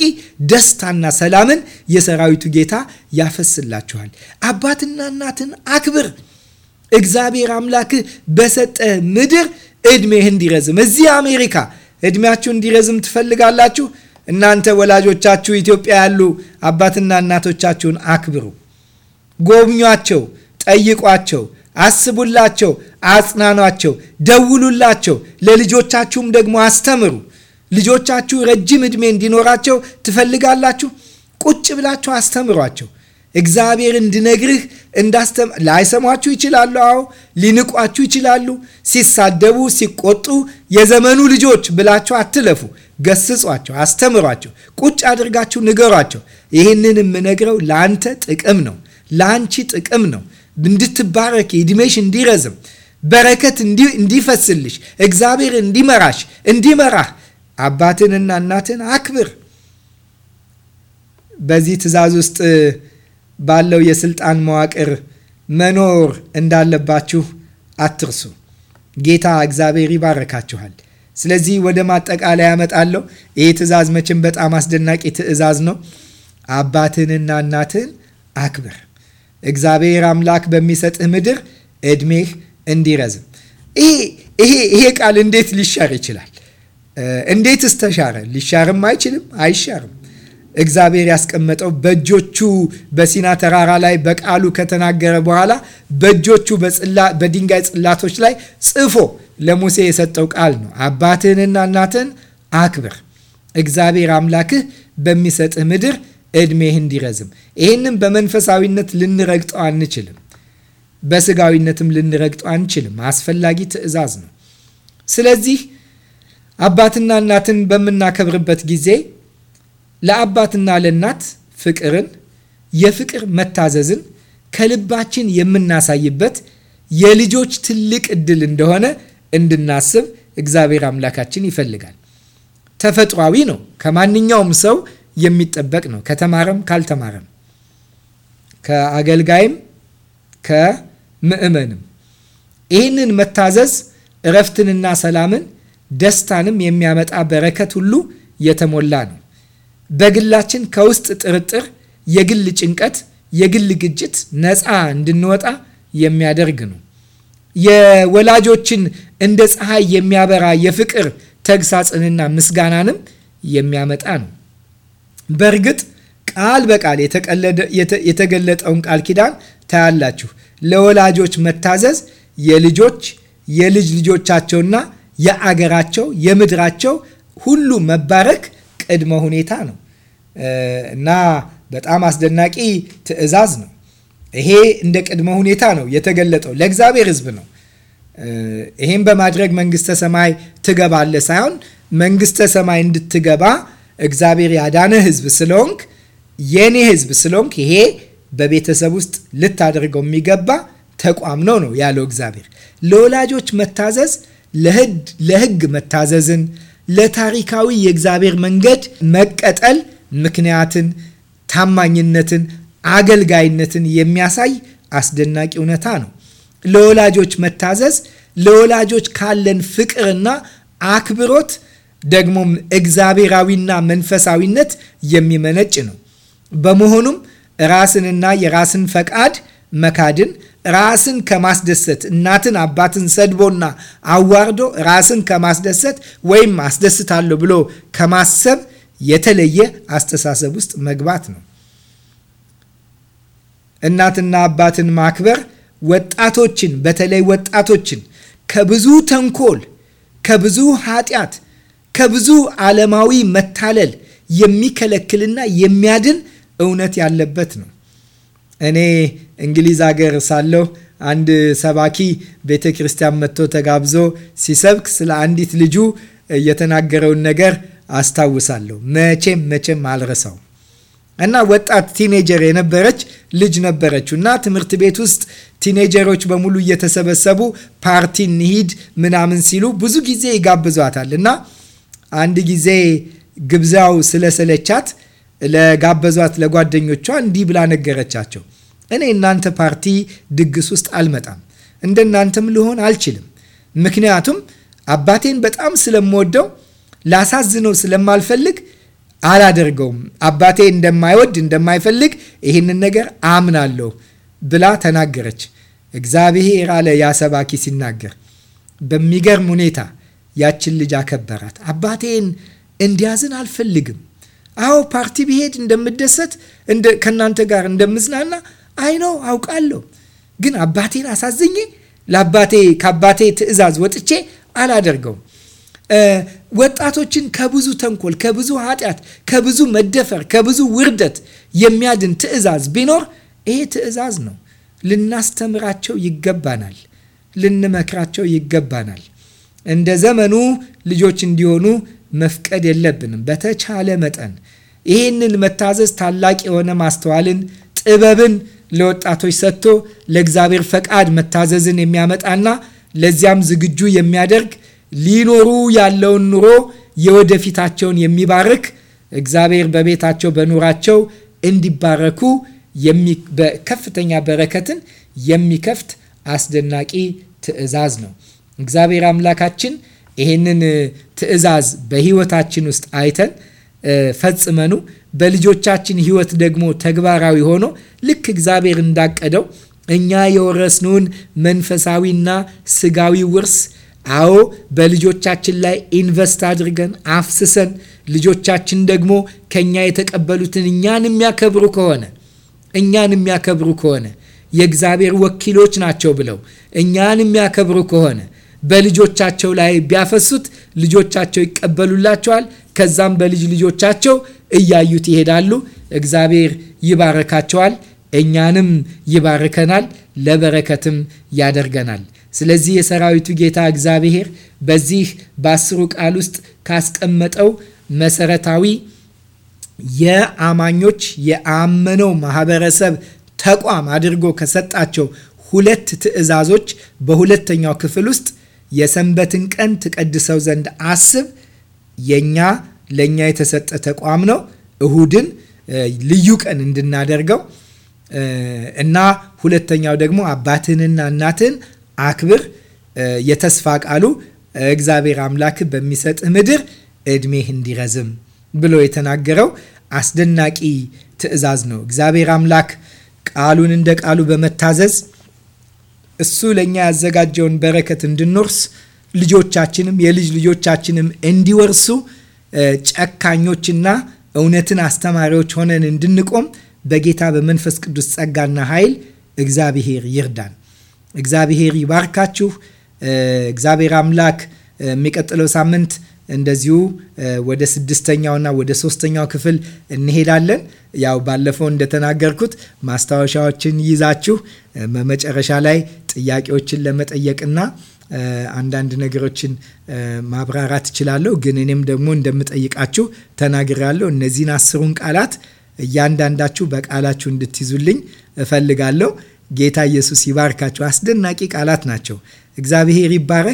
S1: ደስታና ሰላምን የሰራዊቱ ጌታ ያፈስላችኋል። አባትና እናትን አክብር። እግዚአብሔር አምላክህ በሰጠህ ምድር ዕድሜህ እንዲረዝም እዚህ አሜሪካ ዕድሜያችሁ እንዲረዝም ትፈልጋላችሁ? እናንተ ወላጆቻችሁ ኢትዮጵያ ያሉ አባትና እናቶቻችሁን አክብሩ። ጎብኟቸው፣ ጠይቋቸው፣ አስቡላቸው፣ አጽናኗቸው፣ ደውሉላቸው። ለልጆቻችሁም ደግሞ አስተምሩ። ልጆቻችሁ ረጅም ዕድሜ እንዲኖራቸው ትፈልጋላችሁ? ቁጭ ብላችሁ አስተምሯቸው። እግዚአብሔር እንድነግርህ እንዳስተም ላይሰሟችሁ ይችላሉ። አዎ ሊንቋችሁ ይችላሉ። ሲሳደቡ፣ ሲቆጡ የዘመኑ ልጆች ብላችሁ አትለፉ። ገስጿቸው፣ አስተምሯቸው፣ ቁጭ አድርጋችሁ ንገሯቸው። ይህንን የምነግረው ለአንተ ጥቅም ነው፣ ለአንቺ ጥቅም ነው። እንድትባረክ ዕድሜሽ እንዲረዝም በረከት እንዲፈስልሽ እግዚአብሔር እንዲመራሽ እንዲመራህ አባትንና እናትን አክብር። በዚህ ትእዛዝ ውስጥ ባለው የስልጣን መዋቅር መኖር እንዳለባችሁ አትርሱ። ጌታ እግዚአብሔር ይባረካችኋል። ስለዚህ ወደ ማጠቃለያ ያመጣለሁ። ይህ ትእዛዝ መቼም በጣም አስደናቂ ትእዛዝ ነው። አባትህንና እናትህን አክብር፣ እግዚአብሔር አምላክ በሚሰጥህ ምድር እድሜህ እንዲረዝም። ይሄ ቃል እንዴት ሊሻር ይችላል? እንዴትስ ተሻረ? ሊሻርም አይችልም፣ አይሻርም። እግዚአብሔር ያስቀመጠው በእጆቹ በሲና ተራራ ላይ በቃሉ ከተናገረ በኋላ በእጆቹ በድንጋይ ጽላቶች ላይ ጽፎ ለሙሴ የሰጠው ቃል ነው። አባትህንና እናትህን አክብር፣ እግዚአብሔር አምላክህ በሚሰጥህ ምድር እድሜህ እንዲረዝም። ይህንም በመንፈሳዊነት ልንረግጠው አንችልም፣ በስጋዊነትም ልንረግጠው አንችልም። አስፈላጊ ትእዛዝ ነው። ስለዚህ አባትና እናትን በምናከብርበት ጊዜ ለአባትና ለእናት ፍቅርን፣ የፍቅር መታዘዝን ከልባችን የምናሳይበት የልጆች ትልቅ እድል እንደሆነ እንድናስብ እግዚአብሔር አምላካችን ይፈልጋል። ተፈጥሯዊ ነው። ከማንኛውም ሰው የሚጠበቅ ነው። ከተማረም ካልተማረም፣ ከአገልጋይም ከምዕመንም ይህንን መታዘዝ እረፍትንና ሰላምን ደስታንም የሚያመጣ በረከት ሁሉ የተሞላ ነው። በግላችን ከውስጥ ጥርጥር፣ የግል ጭንቀት፣ የግል ግጭት ነፃ እንድንወጣ የሚያደርግ ነው። የወላጆችን እንደ ፀሐይ የሚያበራ የፍቅር ተግሳጽንና ምስጋናንም የሚያመጣ ነው። በእርግጥ ቃል በቃል የተገለጠውን ቃል ኪዳን ታያላችሁ። ለወላጆች መታዘዝ የልጆች የልጅ ልጆቻቸውና የአገራቸው የምድራቸው ሁሉ መባረክ ቅድመ ሁኔታ ነው። እና በጣም አስደናቂ ትዕዛዝ ነው። ይሄ እንደ ቅድመ ሁኔታ ነው የተገለጠው ለእግዚአብሔር ሕዝብ ነው። ይሄም በማድረግ መንግስተ ሰማይ ትገባለ ሳይሆን መንግስተ ሰማይ እንድትገባ እግዚአብሔር ያዳነ ሕዝብ ስለሆንክ፣ የኔ ሕዝብ ስለሆንክ ይሄ በቤተሰብ ውስጥ ልታደርገው የሚገባ ተቋም ነው ነው ያለው እግዚአብሔር። ለወላጆች መታዘዝ ለህግ መታዘዝን፣ ለታሪካዊ የእግዚአብሔር መንገድ መቀጠል ምክንያትን፣ ታማኝነትን፣ አገልጋይነትን የሚያሳይ አስደናቂ እውነታ ነው። ለወላጆች መታዘዝ ለወላጆች ካለን ፍቅርና አክብሮት ደግሞም እግዚአብሔራዊና መንፈሳዊነት የሚመነጭ ነው። በመሆኑም ራስንና የራስን ፈቃድ መካድን ራስን ከማስደሰት እናትን አባትን ሰድቦና አዋርዶ ራስን ከማስደሰት ወይም አስደስታለሁ ብሎ ከማሰብ የተለየ አስተሳሰብ ውስጥ መግባት ነው። እናትና አባትን ማክበር ወጣቶችን በተለይ ወጣቶችን ከብዙ ተንኮል፣ ከብዙ ኃጢአት፣ ከብዙ ዓለማዊ መታለል የሚከለክልና የሚያድን እውነት ያለበት ነው። እኔ እንግሊዝ ሀገር ሳለሁ አንድ ሰባኪ ቤተ ክርስቲያን መጥቶ ተጋብዞ ሲሰብክ ስለ አንዲት ልጁ የተናገረውን ነገር አስታውሳለሁ። መቼም መቼም አልረሳው እና ወጣት ቲኔጀር የነበረች ልጅ ነበረችው እና ትምህርት ቤት ውስጥ ቲኔጀሮች በሙሉ እየተሰበሰቡ ፓርቲ እንሂድ ምናምን ሲሉ ብዙ ጊዜ ይጋብዟታል እና አንድ ጊዜ ግብዣው ስለሰለቻት ለጋበዟት ለጓደኞቿ እንዲህ ብላ ነገረቻቸው። እኔ እናንተ ፓርቲ ድግስ ውስጥ አልመጣም፣ እንደናንተም ልሆን አልችልም። ምክንያቱም አባቴን በጣም ስለምወደው ላሳዝነው ስለማልፈልግ አላደርገውም። አባቴ እንደማይወድ እንደማይፈልግ ይህንን ነገር አምናለሁ ብላ ተናገረች። እግዚአብሔር አለ ያ ሰባኪ ሲናገር በሚገርም ሁኔታ ያችን ልጅ አከበራት። አባቴን እንዲያዝን አልፈልግም። አዎ ፓርቲ ብሄድ እንደምደሰት ከእናንተ ጋር እንደምዝናና አይኖ አውቃለሁ። ግን አባቴን አሳዝኜ ለአባቴ ከአባቴ ትዕዛዝ ወጥቼ አላደርገውም። ወጣቶችን ከብዙ ተንኮል፣ ከብዙ ኃጢአት፣ ከብዙ መደፈር፣ ከብዙ ውርደት የሚያድን ትዕዛዝ ቢኖር ይሄ ትዕዛዝ ነው። ልናስተምራቸው ይገባናል። ልንመክራቸው ይገባናል። እንደ ዘመኑ ልጆች እንዲሆኑ መፍቀድ የለብንም። በተቻለ መጠን ይህንን መታዘዝ ታላቅ የሆነ ማስተዋልን፣ ጥበብን ለወጣቶች ሰጥቶ ለእግዚአብሔር ፈቃድ መታዘዝን የሚያመጣና ለዚያም ዝግጁ የሚያደርግ ሊኖሩ ያለውን ኑሮ የወደፊታቸውን የሚባርክ እግዚአብሔር በቤታቸው በኑራቸው እንዲባረኩ ከፍተኛ በረከትን የሚከፍት አስደናቂ ትእዛዝ ነው። እግዚአብሔር አምላካችን ይህንን ትእዛዝ በህይወታችን ውስጥ አይተን ፈጽመኑ በልጆቻችን ህይወት ደግሞ ተግባራዊ ሆኖ ልክ እግዚአብሔር እንዳቀደው እኛ የወረስነውን መንፈሳዊና ስጋዊ ውርስ አዎ በልጆቻችን ላይ ኢንቨስት አድርገን አፍስሰን ልጆቻችን ደግሞ ከኛ የተቀበሉትን እኛን የሚያከብሩ ከሆነ እኛን የሚያከብሩ ከሆነ የእግዚአብሔር ወኪሎች ናቸው ብለው እኛን የሚያከብሩ ከሆነ በልጆቻቸው ላይ ቢያፈሱት ልጆቻቸው ይቀበሉላቸዋል። ከዛም በልጅ ልጆቻቸው እያዩት ይሄዳሉ። እግዚአብሔር ይባረካቸዋል፣ እኛንም ይባርከናል፣ ለበረከትም ያደርገናል። ስለዚህ የሰራዊቱ ጌታ እግዚአብሔር በዚህ በአስሩ ቃል ውስጥ ካስቀመጠው መሰረታዊ የአማኞች የአመነው ማህበረሰብ ተቋም አድርጎ ከሰጣቸው ሁለት ትእዛዞች በሁለተኛው ክፍል ውስጥ የሰንበትን ቀን ትቀድሰው ዘንድ አስብ የኛ ለእኛ የተሰጠ ተቋም ነው። እሁድን ልዩ ቀን እንድናደርገው እና ሁለተኛው ደግሞ አባትህንና እናትህን አክብር፣ የተስፋ ቃሉ እግዚአብሔር አምላክ በሚሰጥህ ምድር እድሜህ እንዲረዝም ብሎ የተናገረው አስደናቂ ትእዛዝ ነው። እግዚአብሔር አምላክ ቃሉን እንደ ቃሉ በመታዘዝ እሱ ለእኛ ያዘጋጀውን በረከት እንድንወርስ ልጆቻችንም የልጅ ልጆቻችንም እንዲወርሱ ጨካኞችና እውነትን አስተማሪዎች ሆነን እንድንቆም በጌታ በመንፈስ ቅዱስ ጸጋና ኃይል እግዚአብሔር ይርዳን። እግዚአብሔር ይባርካችሁ። እግዚአብሔር አምላክ የሚቀጥለው ሳምንት እንደዚሁ ወደ ስድስተኛውና ወደ ሶስተኛው ክፍል እንሄዳለን። ያው ባለፈው እንደተናገርኩት ማስታወሻዎችን ይዛችሁ በመጨረሻ ላይ ጥያቄዎችን ለመጠየቅና አንዳንድ ነገሮችን ማብራራት እችላለሁ። ግን እኔም ደግሞ እንደምጠይቃችሁ ተናግራለሁ። እነዚህን አስሩን ቃላት እያንዳንዳችሁ በቃላችሁ እንድትይዙልኝ እፈልጋለሁ። ጌታ ኢየሱስ ይባርካቸው። አስደናቂ ቃላት ናቸው። እግዚአብሔር ይባረክ።